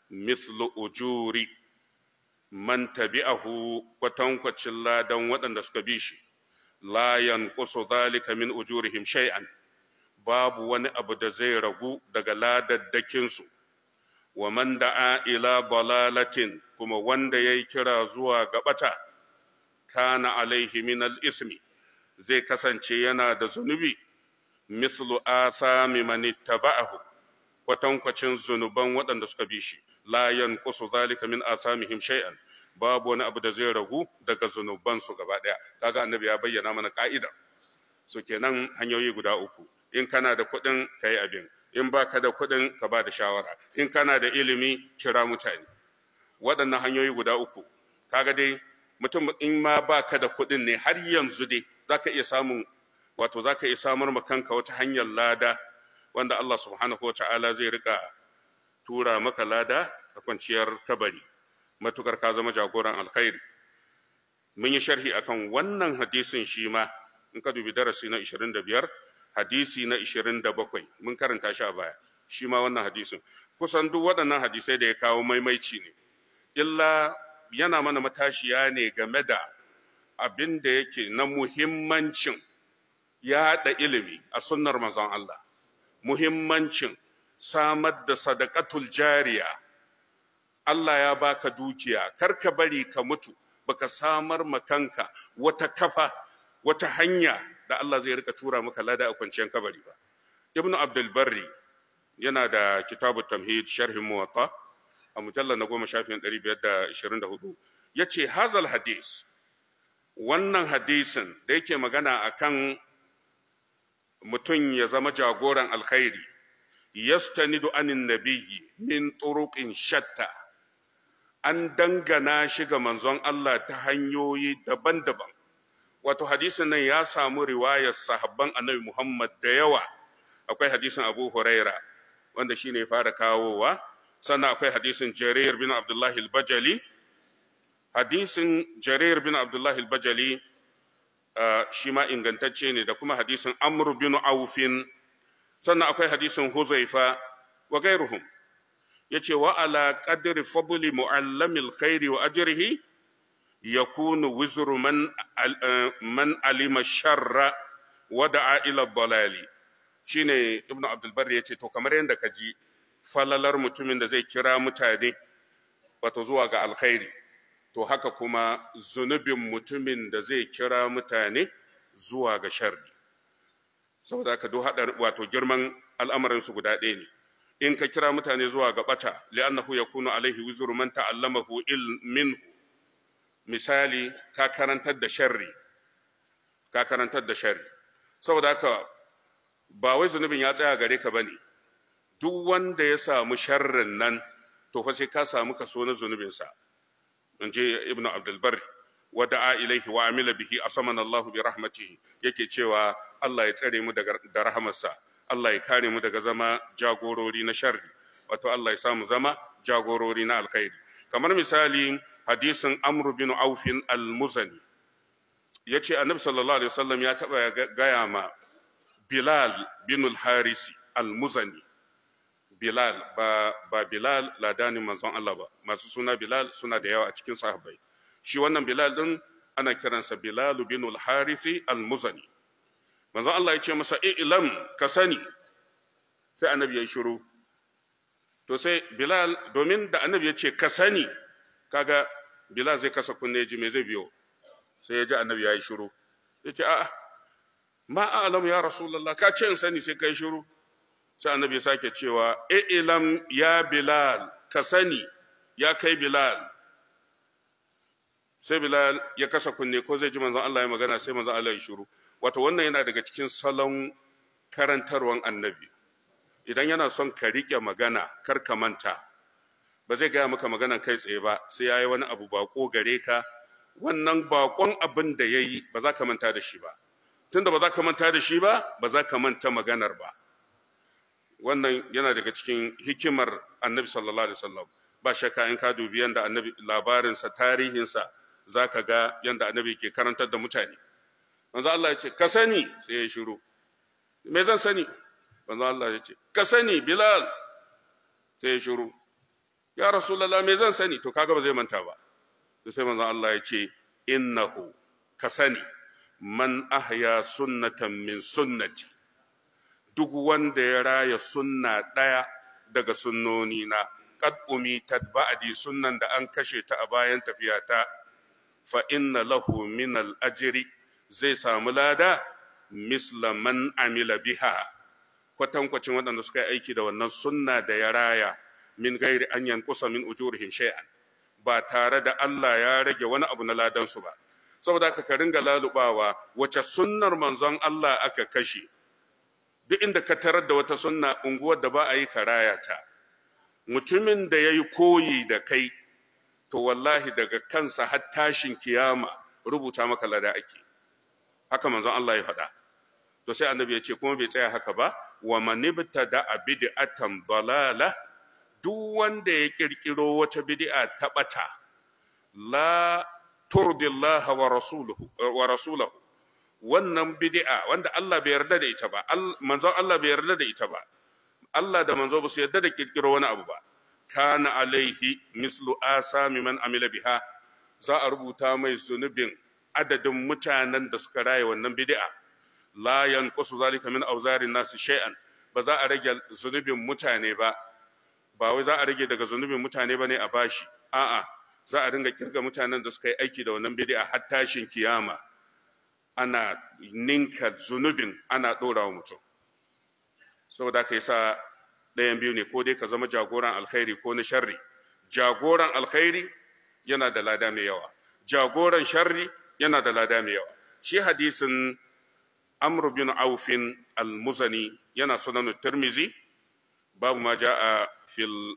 Speaker 1: mithlu ujuri man tabi'ahu kwatankwacin ladan waɗanda suka bi shi la yanqusu zalika min ujurihim shay'an babu wani abu da zai ragu daga ladaddakin su wa man da'a ila balalatin kuma wanda yayi kira zuwa ga kana alaihi min al-ismi zai kasance yana da zunubi mislu athami man ittaba'ahu kwatankwacin zunuban waɗanda suka bi shi la yanqusu zalika min athamihim shay'an babu wani abu da zai ragu daga zunuban su gaba daya kaga annabi ya bayyana mana ka'ida so kenan hanyoyi guda uku in kana da kuɗin kai abin in baka da kuɗin ka ba da shawara in kana da ilimi kira mutane waɗannan hanyoyi guda uku kaga dai mutum in ma baka da kuɗin ne har yanzu dai zaka iya samun wato zaka iya samar ma kanka wata hanyar lada wanda Allah subhanahu wa ta'ala zai rika tura maka lada a kwanciyar kabari matukar ka zama jagoran alkhairi mun yi sharhi akan wannan hadisin shi ma in ka dubi darasi na 25 hadisi na 27 mun karanta shi a baya shi ma wannan hadisin kusan duk waɗannan hadisai da ya kawo maimaici ne illa yana mana matashiya ne game da abin da yake na muhimmancin yaɗa ilimi a sunnar manzon Allah muhimmancin samar da sadaqatul jariya Allah ya baka dukiya karka bari ka mutu baka samar makanka wata kafa wata hanya da Allah zai rika tura maka lada a kwanciyar kabari ba Ibn Abdul Barri yana da kitabu tamhid sharhin muwatta a mujallar na goma shafin 524 ya ce hazal hadis wannan hadisin da yake magana akan mutum ya zama jagoran alkhairi yastanidu anin nabiyyi min turuqin shatta an dangana shi ga manzon Allah ta hanyoyi daban-daban wato hadisin nan ya samu riwayar sahabban annabi Muhammad da yawa akwai hadisin Abu Huraira wanda shine ya fara kawowa sannan akwai hadisin Jarir bin Abdullah al-Bajali hadisin Jarir bin Abdullah al-Bajali Eh, shi ma ingantacce ne da kuma hadisin amr bin aufin sannan akwai hadisin huzaifa wa gairuhum yace wa ala qadri fadli muallimil khairi wa ajrihi yakunu wizru man eh, man alima sharra wa da'a ila dalali shine ibnu abdul barri yace to kamar yanda kaji falalar mutumin da zai kira mutane wato zuwa ga alkhairi to haka kuma zunubin mutumin da zai kira mutane zuwa ga shari saboda haka duk haɗa wato girman al'amuransu guda ɗaya ne in ka kira mutane zuwa ga ɓata li'an ya kuna alaihi wuzur man ta'allamahu ilmin misali ka karantar da shari, ka karantar da shari saboda haka ba wai zunubin ya tsaya gare ka ba ne, duk wanda ya samu sharrin nan to fa sai ka samu kaso na zunubinsa in je ibnu abdulbar wa da'a ilaihi wa amila bihi asamana Allahu bi rahmatihi yake cewa Allah ya tsare mu da rahamarsa Allah ya kare mu daga zama jagorori na sharri wato Allah ya samu zama jagorori na alkhairi kamar misali hadisin amru bin Auf al-Muzani yace Annabi sallallahu alaihi wasallam ya taba gaya ma Bilal bin al-Harisi al-Muzani Bilal ba, ba Bilal ladanin manzon Allah ba masu suna Bilal suna da yawa a cikin sahabbai shi wannan Bilal din ana kiransa Bilal bin al-Harisi al-Muzani manzon Allah ya ce masa i'lam ka sani sai annabi ya shiru to sai Bilal domin da annabi ya ce ka sani kaga Bilal zai kasa kunne ji me zai biyo sai ya ji annabi ya yi shiru ya ce a'a ma a'lamu ya rasulullah ka ce in sani sai kai shiru sai annabi ya sake cewa ilam ya bilal ka sani ya kai bilal sai bilal ya kasa kunne ko zai ji manzon Allah ya magana sai manzon Allah ya shiru wato wannan yana daga cikin salon karantarwan annabi idan yana son ka rike magana kar ka manta ba zai gaya maka maganan kai tsaye ba sai ya yi wani abu bako gare ka wannan bakon abin da ya yi ba za ka manta da shi ba tunda ba za ka manta da shi ba ba za ka manta maganar ba wannan yana daga cikin hikimar annabi sallallahu alaihi wasallam ba shakka in ka dubi yanda annabi labarinsa tarihinsa zaka ga yanda annabi ke karantar da mutane manzo Allah ya ce ka sani sai ya shiru me zan sani manzo Allah ya ce ka sani Bilal sai ya shiru ya rasulullah me zan sani to kaga ba zai manta ba sai manzo Allah ya ce innahu ka sani man ahya sunnatan min sunnati duk wanda ya raya sunna ɗaya daga sunnoni na qad umitat ba'di sunnan da an kashe ta a bayan tafiyata fa inna lahu min al ajri zai samu lada mislaman man amila biha kwatankwacin waɗanda suka yi aiki da wannan sunna da ya raya min gairi an yankusa min ujurihim shay'an ba tare da Allah ya rage wani abu na ladansu ba saboda haka ka ringa lalubawa wace sunnar manzon Allah aka kashe duk inda ka tarar da wata sunna unguwar da ba a yi karaya ta mutumin da ya yi koyi da kai to wallahi daga kansa har tashin kiyama rubuta maka lada ake haka manzon Allah ya faɗa to sai annabi ya ce kuma bai tsaya haka ba wa manibta da bid'atan dalala duk wanda ya kirkiro wata bid'a ta bata la Allah wa rasuluhu wa rasulahu wannan bid'a wanda Allah bai yarda da ita ba manzo Allah bai yarda da ita ba Allah da manzo ba su yarda da kirkiro wani abu ba kana alaihi mislu asami man amila biha za a rubuta mai zunubin adadin mutanen da suka raye wannan bid'a la yanqusu zalika min awzarin nasi shay'an ba za a rage zunubin mutane ba ba wai za a rage daga zunubin mutane ne a bashi a'a za a dinga kirga mutanen da suka yi aiki da wannan bid'a har tashin kiyama ana ninka zunubin ana ɗora wa mutum saboda yi sa ɗayan biyu ne ko dai ka zama jagoran alkhairi ko na sharri jagoran alkhairi yana da lada mai yawa jagoran sharri yana da lada mai yawa shi hadisin amr bin aufin al-muzani yana sunan turmizi. babu ma ja a fil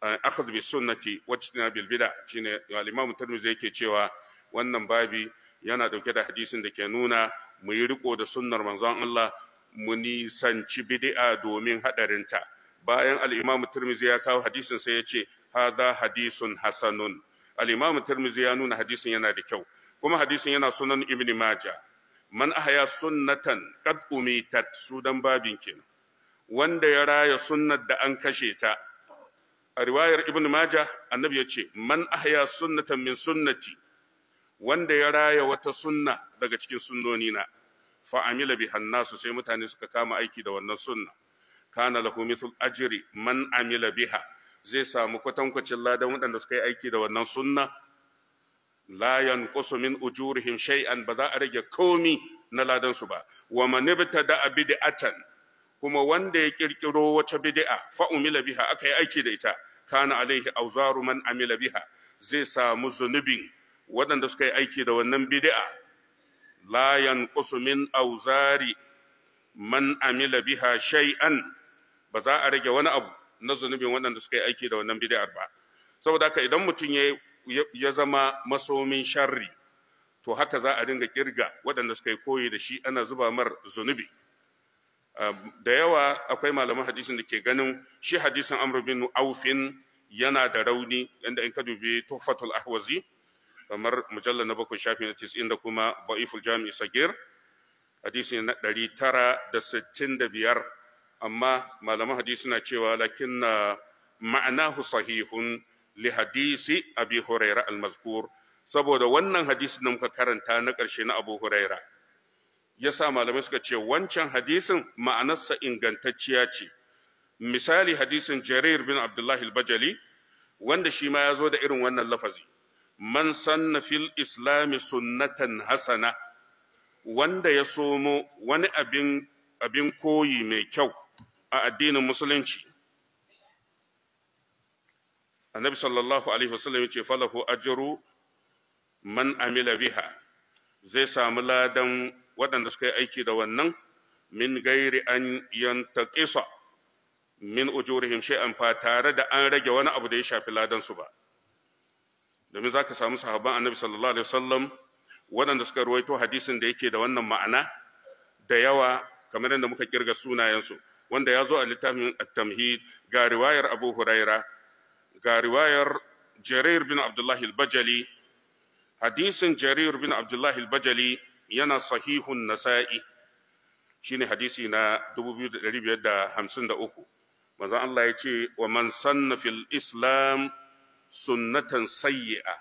Speaker 1: eh, akhd bi sunnati wa bil bid'a shine al-imam tirmizi yake cewa wannan babi yana ɗauke da hadisin da ke nuna mu yi riko da sunnar manzon Allah mu nisanci bid'a domin ta. bayan al-Imam Tirmidhi ya kawo hadisin sai ya ce hadha hadisun hasanun al-Imam Tirmidhi ya nuna hadisin yana da kyau kuma hadisin yana sunan Ibn Majah man ahya sunnatan qad umitat sudan babin kenan wanda ya raya sunnar da an kashe ta a riwayar Ibn Majah annabi ya ce man ahya sunnatan min sunnati wanda ya raya wata sunna daga cikin sunnoni na fa amila nasu sai mutane suka kama aiki da wannan sunna kana lahu mithl ajri man amila biha zai samu kwatankwacin ladan waɗanda suka yi aiki da wannan sunna la yanqusu min ujurihim shay'an ba za a rage komi na ladan su ba wa man ibtada bid'atan kuma wanda ya kirkiro wata bid'a fa umila biha aka yi aiki da ita kana alaihi auzaru man amila biha zai samu zunubin waɗanda suka yi aiki da wannan bid'a la yanqusu min auzari man amila biha shay'an ba za a rage wani abu na zunubin waɗanda suka yi aiki da wannan bid'ar ba saboda haka idan mutum ya zama masomin sharri to haka za a dinga kirga waɗanda suka yi koyi da shi ana zuba mar zunubi da yawa akwai malaman hadisin da ke ganin shi hadisin amr bin aufin yana da rauni inda in ka dubi tuhfatul ahwazi kamar mujalla na bakwai shafi na tis'in da kuma ba'iful jami'i sagir hadisi na ɗari tara da sittin da biyar amma malaman hadisi na cewa lakin na ma'anahu sahihun li hadisi abi huraira al saboda wannan hadisin da muka karanta na ƙarshe na abu huraira ya sa malamai suka ce wancan hadisin ma'anarsa ingantacciya ce misali hadisin jarir bin abdullahi bajali wanda shi ma ya zo da irin wannan lafazi man sanna fil islami sunnatan hasana wanda ya somo wani abin abin koyi mai kyau a addinin musulunci annabi sallallahu alaihi wasallam ya ce falahu ajru man amila biha zai samu ladan waɗanda suka yi aiki da wannan min gairi an yantaqisa min ujurihim shay'an fa tare da an rage wani abu da ya shafi ladan su ba domin za ka samu sahabban annabi sallallahu alaihi wasallam waɗanda suka ruwaito hadisin da yake da wannan ma'ana da yawa kamar yadda muka kirga sunayensu wanda ya zo a littafin at-tamhid ga riwayar abu huraira ga riwayar jarir bin abdullahi al-bajali hadisin jarir bin abdullahi al-bajali yana sahihun nasa'i shine hadisi na 2553 manzon Allah ya ce wa man sanna fil islam sunnatan sayyi'a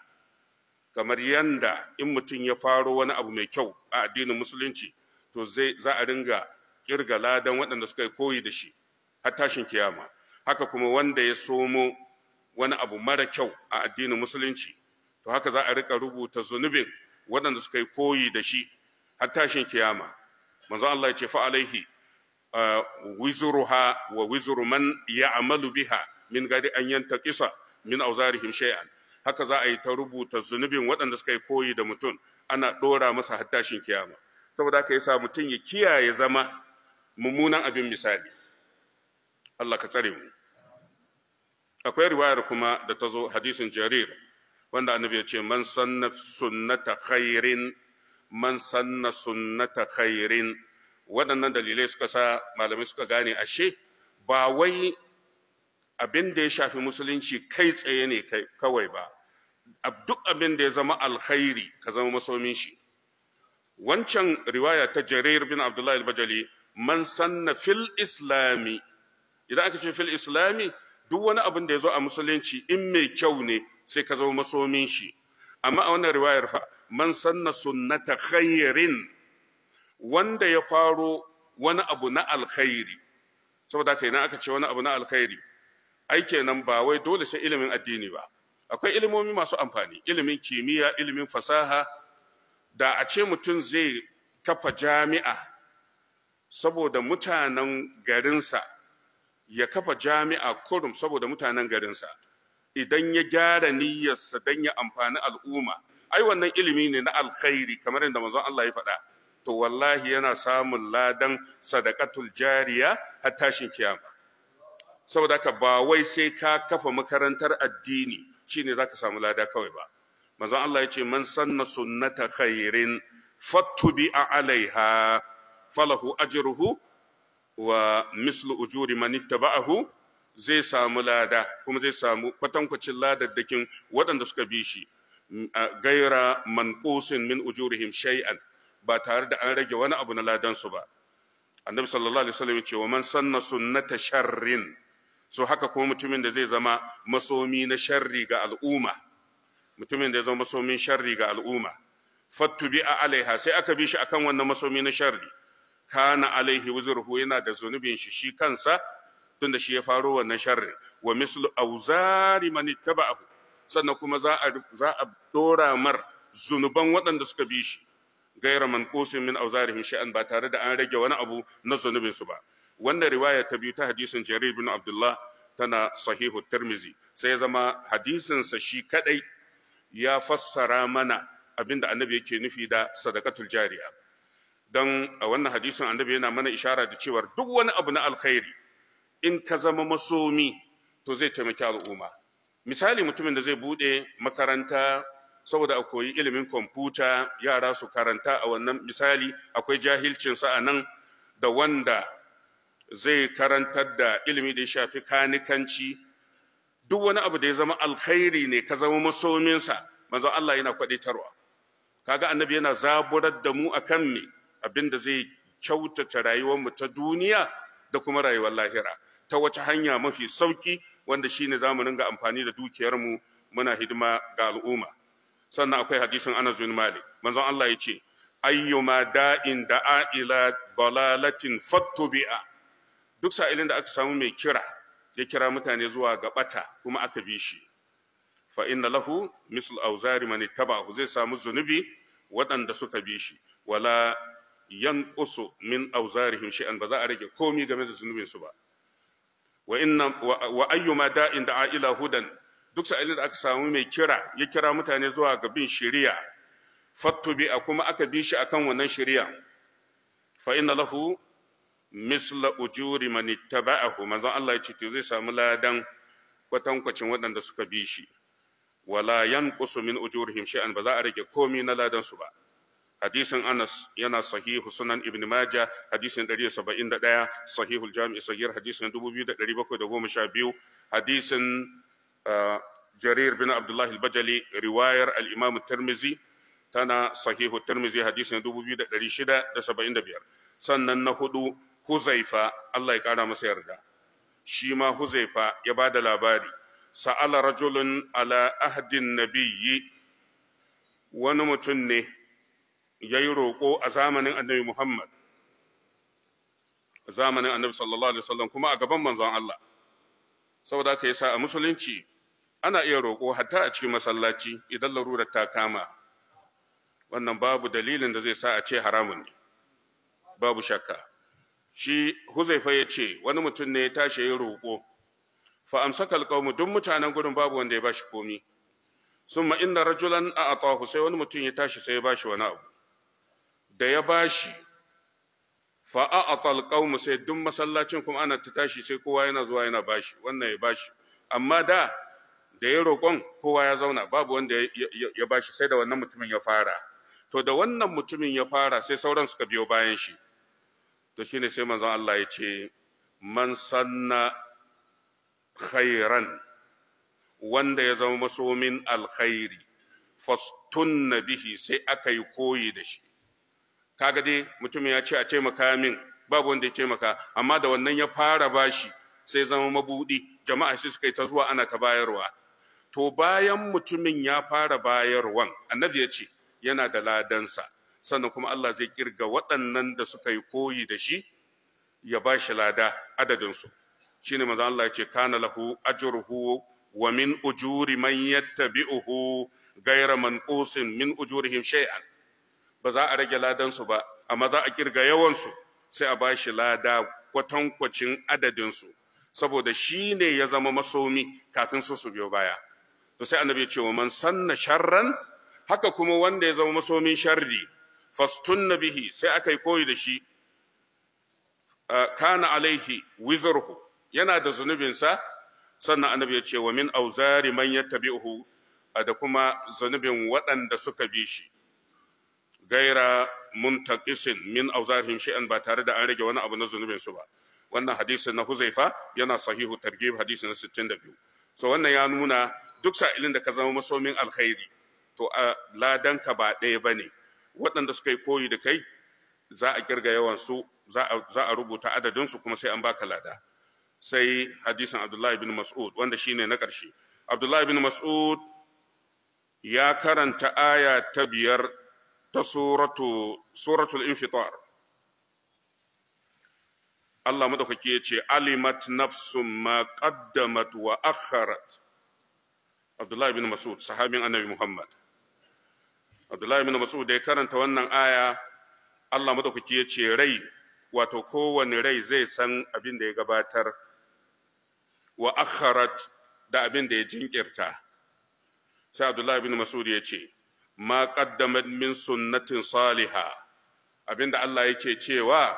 Speaker 1: kamar yanda in mutum ya faro wani abu mai kyau a addinin musulunci to zai za a ringa kirga ladan waɗanda suka yi koyi da shi har tashin kiyama haka kuma wanda ya somo wani abu mara kyau a addinin musulunci to haka za a rika rubuta zunubin waɗanda suka yi koyi da shi har tashin kiyama manzo Allah ya ce fa alaihi eh, wizuruha wa wizuru man ya'malu biha min gari an yantaqisa min auzarihim shay'an haka za a yi ta rubuta zunubin waɗanda suka yi koyi da mutum ana ɗora masa hattashin kiyama saboda haka yasa mutum ya kiyaye zama mummunan abin misali Allah ka tsare mu akwai riwayar kuma da ta zo hadisin jarir wanda annabi ya ce man sanna sunnata khairin man sanna sunnata khairin waɗannan dalilai suka sa malamai suka gane ashe ba wai abin da ya shafi musulunci kai tsaye ne kawai ba duk abin da ya zama alkhairi ka zama masomin shi wancan riwaya ta jarir bin abdullahi al-bajali man sanna fil islami idan aka ce fil islami duk wani abin da ya zo a musulunci in mai kyau ne sai ka zama masomin shi amma a wannan riwayar fa man sanna sunnata khairin wanda ya faro wani abu na alkhairi saboda haka idan aka ce wani abu na alkhairi ai kenan ba wai dole sai ilimin addini ba akwai ilimomi masu amfani ilimin kimiyya ilimin fasaha da a ce mutum zai kafa jami'a saboda mutanen garinsa ya kafa jami'a kurum saboda mutanen garinsa idan ya gyara niyyarsa don ya amfani al'umma ai wannan ilimi ne na alkhairi kamar yadda manzon Allah ya faɗa to wallahi yana samun ladan sadaqatul jariya har tashin kiyama saboda haka ba wai sai ka kafa makarantar addini shine zaka samu lada kawai ba manzon Allah ya ce man sanna sunnata khairin fattubi alaiha falahu ajruhu wa mislu ujuri man ittaba'ahu zai samu lada kuma zai samu kwatankwacin ladaddakin waɗanda suka bi shi gaira manqusin min ujurihim shay'an ba tare da an rage wani abu na ladansu ba annabi sallallahu alaihi wasallam ya ce wa man sanna sunnata sharrin so haka kuma mutumin da zai zama masomi na sharri ga al'umma mutumin da ya zama masomin sharri ga al'umma fattu a alaiha sai aka bi shi akan wannan masomi na sharri kana alaihi wuzruhu yana da zunubin shi shi kansa tunda shi ya faro wannan sharri wa mislu auzari man ittaba'ahu sannan kuma za a za a dora mar zunuban waɗanda suka bi shi gaira man min auzarihim sha'an ba tare da an rage wani abu na su ba wannan riwaya ta biyu ta hadisin jarir bin abdullah tana sahihu tirmizi sai ya zama hadisinsa shi kadai ya fassara mana abinda annabi yake nufi da sadaqatul jariya dan a wannan hadisin annabi yana mana ishara da cewa duk wani abu na alkhairi in ka zama masomi to zai taimaki al'umma misali mutumin da zai bude makaranta saboda a koyi ilimin kwamfuta yara su karanta a wannan misali akwai jahilcin sa a nan da wanda zai karantar da ilimi da ya shafi kanikanci duk wani abu da ya zama alkhairi ne ka zama masominsa manzo Allah yana kwadaitarwa kaga annabi yana zaburar da mu akan me abinda zai kyautata rayuwar mu ta duniya da kuma rayuwar lahira ta wace hanya mafi sauki wanda shine zamu ringa amfani da dukiyar mu muna hidima ga al'umma sannan akwai hadisin Anas bin Malik manzo Allah yace ayyuma da'in da'a ila dalalatin fattubi'a duk sa'ilin da aka samu mai kira ya kira mutane zuwa ga bata kuma aka bi shi fa inna lahu misl awzari man ittaba'ahu zai samu zunubi waɗanda suka bi shi wala yanqusu min awzarihim shay'an ba za a rage komi game da zunubin su ba wa inna wa ayyuma da'in da'a ila hudan duk sa'ilin da aka samu mai kira ya kira mutane zuwa ga bin shari'a fattubi a kuma aka bi shi akan wannan shari'a fa inna lahu misla ujuri man ittaba'ahu manzon Allah ya ce to zai samu ladan kwatankwacin waɗanda suka bi shi wala yanqusu min ujurihim shay'an ba za a rage komai na ladan su ba hadisin Anas yana sahihu sunan Ibn Majah hadisin 171 sahihul Jami' sahih hadisin 2712 hadisin uh, Jarir bin Abdullah al-Bajali riwayar al-Imam Tirmidhi tana sahihu Tirmidhi hadisin 2675 sannan na hudu huzaifa Allah ya kara masa yarda shi ma huzaifa ya ba da labari sa'ala rajulun ala ahdin nabiyyi wani mutum ne yayi yi roƙo a zamanin annabi Muhammad zamanin annabi sallallahu alaihi wasallam kuma a gaban manzon Allah saboda haka yasa a musulunci ana iya roƙo hatta a cikin masallaci idan larurar ta kama wannan babu dalilin da zai sa a ce haramun ne babu shakka shi huzaifa ya ce wani mutum ne ya tashi ya roƙo fa amsaka alqawmu duk mutanen gurin babu wanda ya bashi komi summa inna rajulan a'tahu sai wani mutum ya tashi sai ya bashi wani abu da ya bashi fa a'ta alqawmu sai duk masallacin kuma ana ta tashi sai kowa yana zuwa yana bashi wannan ya bashi amma da da ya roƙon kowa ya zauna babu wanda ya bashi sai da wannan mutumin ya fara to da wannan mutumin ya fara sai sauran suka biyo bayan shi to shine sai manzon Allah ya ce man sanna khairan wanda ya zama masomin alkhairi fastunna bihi sai aka yi koyi da shi kaga dai mutum ya ce a ce maka min babu wanda ya ce maka amma da wannan ya fara bashi sai zama mabudi jama'a shi suka yi ta zuwa ana ta bayarwa to bayan mutumin ya fara bayarwan annabi ya ce yana da ladansa sannan kuma Allah zai kirga waɗannan da suka yi koyi da shi ya ba shi lada adadinsu shine manzo Allah ya ce kana lahu ajruhu wa min ujuri man yattabi'uhu ghayra manqusin min ujurihim shay'an ba za a rage ladansu ba amma za a kirga yawansu sai a ba shi lada kwatankwacin adadinsu saboda shi ne ya zama masomi kafin su su biyo baya to sai annabi ya ce wa man sanna sharran haka kuma wanda ya zama masomin sharri fastunna bihi sai aka yi koyi da shi kana alaihi wizruhu yana da zunubinsa sannan annabi ya ce wa min auzari man yattabi'uhu da kuma zunubin waɗanda suka bi shi gaira muntaqisin min auzarihim shay'an ba tare da an rage wani abu na zunubinsu ba wannan hadisin na Huzaifa yana sahihu targhib hadisi na sittin 62 so wannan ya nuna duk sa'ilin da ka zama masomin alkhairi to ladanka ba ɗaya bane waɗanda suka yi koyi da kai za a kirga yawansu, za a rubuta adadin su kuma sai an baka lada sai hadisin Abdullahi bin Mas'ud wanda shine na ƙarshe Abdullahi bin Mas'ud ya karanta aya ta biyar ta suratul infitar Allah madaukaki ya ce alimat nafsun ma qaddamat wa akharat Abdullahi bin Mas'ud sahabin Annabi Muhammad Abdullahi bin Mas'ud ya karanta wannan aya Allah madaukaki ya ce rai wato kowane rai zai san abin da ya gabatar wa akharat da abin da ya jinkirta sai Abdullahi bin Mas'ud ya ce ma qaddamat min sunnatin saliha abin da Allah yake cewa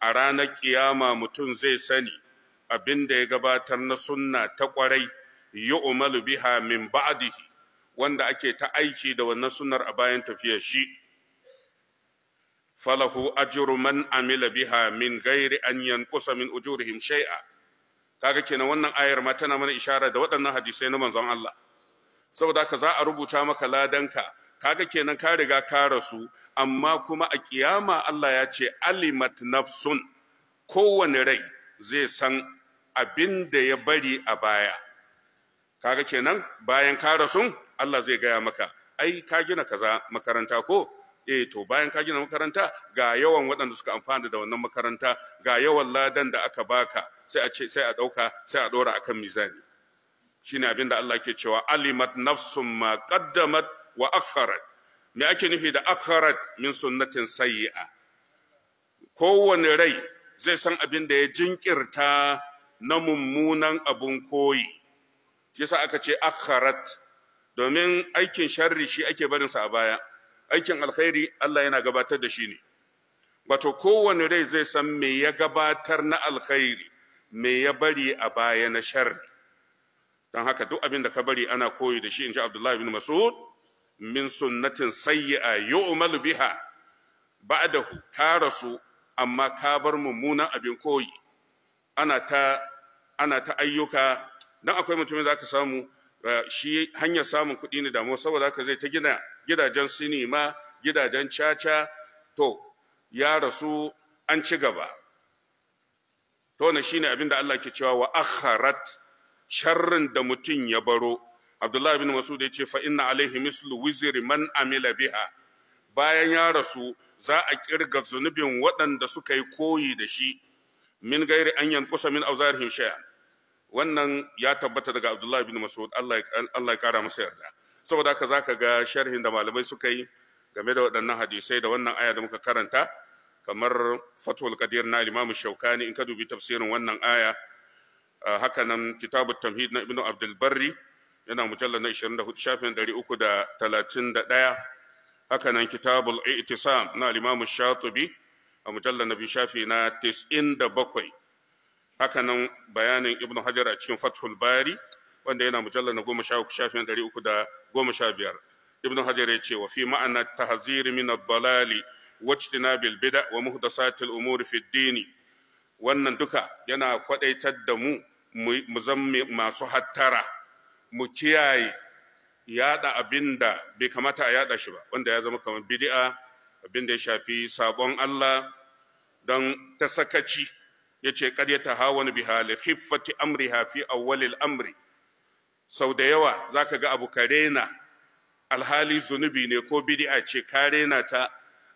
Speaker 1: a ranar kiyama mutum zai sani abin da ya gabatar na sunna ta kwarai yu'malu biha min ba'dihi wanda ake ta aiki da wannan sunnar a bayan tafiyar shi falahu ajru man amila biha min ghairi an yanqusa min ujurihim shay'a kaga kenan wannan ayar ma tana mana ishara da waɗannan hadisai na manzon Allah saboda haka za a rubuta maka ladanka kaga kenan ka riga ka rasu amma kuma a kiyama Allah ya ce alimat nafsun kowane rai zai san abin da ya bari a baya kaga kenan bayan ka rasu? Allah zai gaya maka ai ka gina kaza makaranta ko eh to bayan ka gina makaranta ga yawan waɗanda suka amfana da wannan makaranta ga yawan ladan da aka baka sai a ce sai a ɗauka sai a ɗora akan mizani shine abin da Allah ke cewa alimat nafsum ma qaddamat wa akharat me ake nufi da akharat min sunnatin sayyi'a kowane rai zai san abin da ya jinkirta na mummunan abun koyi shi yasa aka ce akharat domin aikin sharri shi ake barinsa a baya aikin alkhairi Allah yana gabatar da shi ne wato kowane rai zai san me ya gabatar na alkhairi me ya bari a baya na sharri don haka duk abin da ka bari ana koyi da shi in ji Abdullahi bin Mas'ud min sunnatin sayyi'a yu'malu biha ba'dahu ta rasu amma ka bar mummunan abin koyi ana ta ana ta ayyuka dan akwai mutumin zaka samu Eh, shi hanyar samun kuɗi ne damuwa saboda haka zai ta gina gidajen sinima gidajen caca to ya rasu an ci gaba to wannan shine abin da Allah ke cewa wa akharat sharrin da mutum ya baro Abdullahi bin Masud ya ce fa inna alaihi mislu wizri man amila biha bayan ya rasu za a kirga zunubin waɗanda suka yi koyi da shi min gairi an yankusa min auzarihim shay'an wannan ya tabbata daga Abdullahi bin Mas'ud Allah ya kara masa yarda saboda haka zaka ga sharhin da malamai suka yi game da waɗannan hadisai da wannan aya da muka karanta kamar fatwal Qadir na Imam Shaukani in ka dubi tafsirin wannan aya haka nan Kitabut Tamhid na ibnu Abdul Barri yana mujallal na 24 shafin 331 haka nan Kitabul I'tisam na Imam Shatibi a mujallal na shafi na 97 Hakanan bayanin ibn hajar a cikin fathul bari wanda yana mujallar na goma sha uku shafin ɗari uku da goma sha biyar ibn hajar ya ce wa fi ma'ana tahzir min ad-dalali wajtina bil bid'a wa muhdasatil umuri fi ad-din wannan duka yana kwadaitar da mu mu zama masu hattara mu kiyaye yada abinda bai kamata a yada shi ba wanda ya zama kamar bid'a abinda ya shafi sabon Allah don ta sakaci yace qad hawan biha li khiffati amriha fi awwal al-amri sau da yawa zaka ga abu karena alhali zunubi ne ko bid'a ce karena ta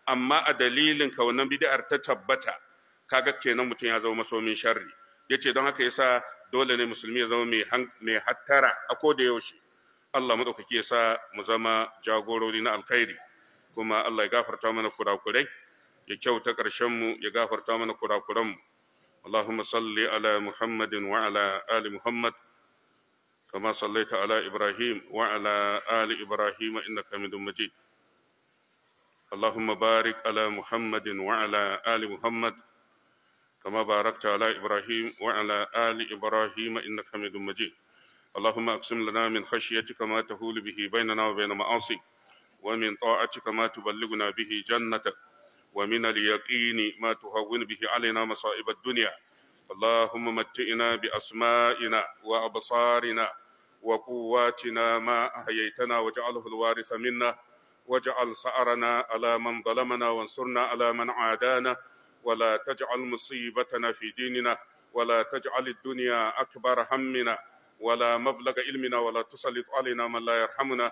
Speaker 1: amma a dalilin kaunan bid'ar ta tabbata kaga kenan mutum ya zama masomin sharri yace don haka yasa dole ne musulmi ya zama mai hattara a ko da yaushe Allah madaukaki yasa mu zama jagorori na alkhairi kuma Allah ya gafarta mana kurakurai ya kyauta karshen mu ya gafarta mana kurakuran mu اللهم صل على محمد وعلى آل محمد كما صليت على إبراهيم وعلى آل إبراهيم إنك حميد مجيد اللهم بارك على محمد وعلى آل محمد كما باركت على إبراهيم وعلى آل إبراهيم إنك حميد مجيد اللهم أقسم لنا من خشيتك ما تهول به بيننا وبين معاصيك ومن طاعتك ما تبلغنا به جنتك ومن اليقين ما تهون به علينا مصائب الدنيا اللهم متئنا بأسمائنا وأبصارنا وقواتنا ما أحييتنا واجعله الوارث منا واجعل سأرنا على من ظلمنا وانصرنا على من عادانا ولا تجعل مصيبتنا في ديننا ولا تجعل الدنيا أكبر همنا ولا مبلغ علمنا ولا تسلط علينا من لا يرحمنا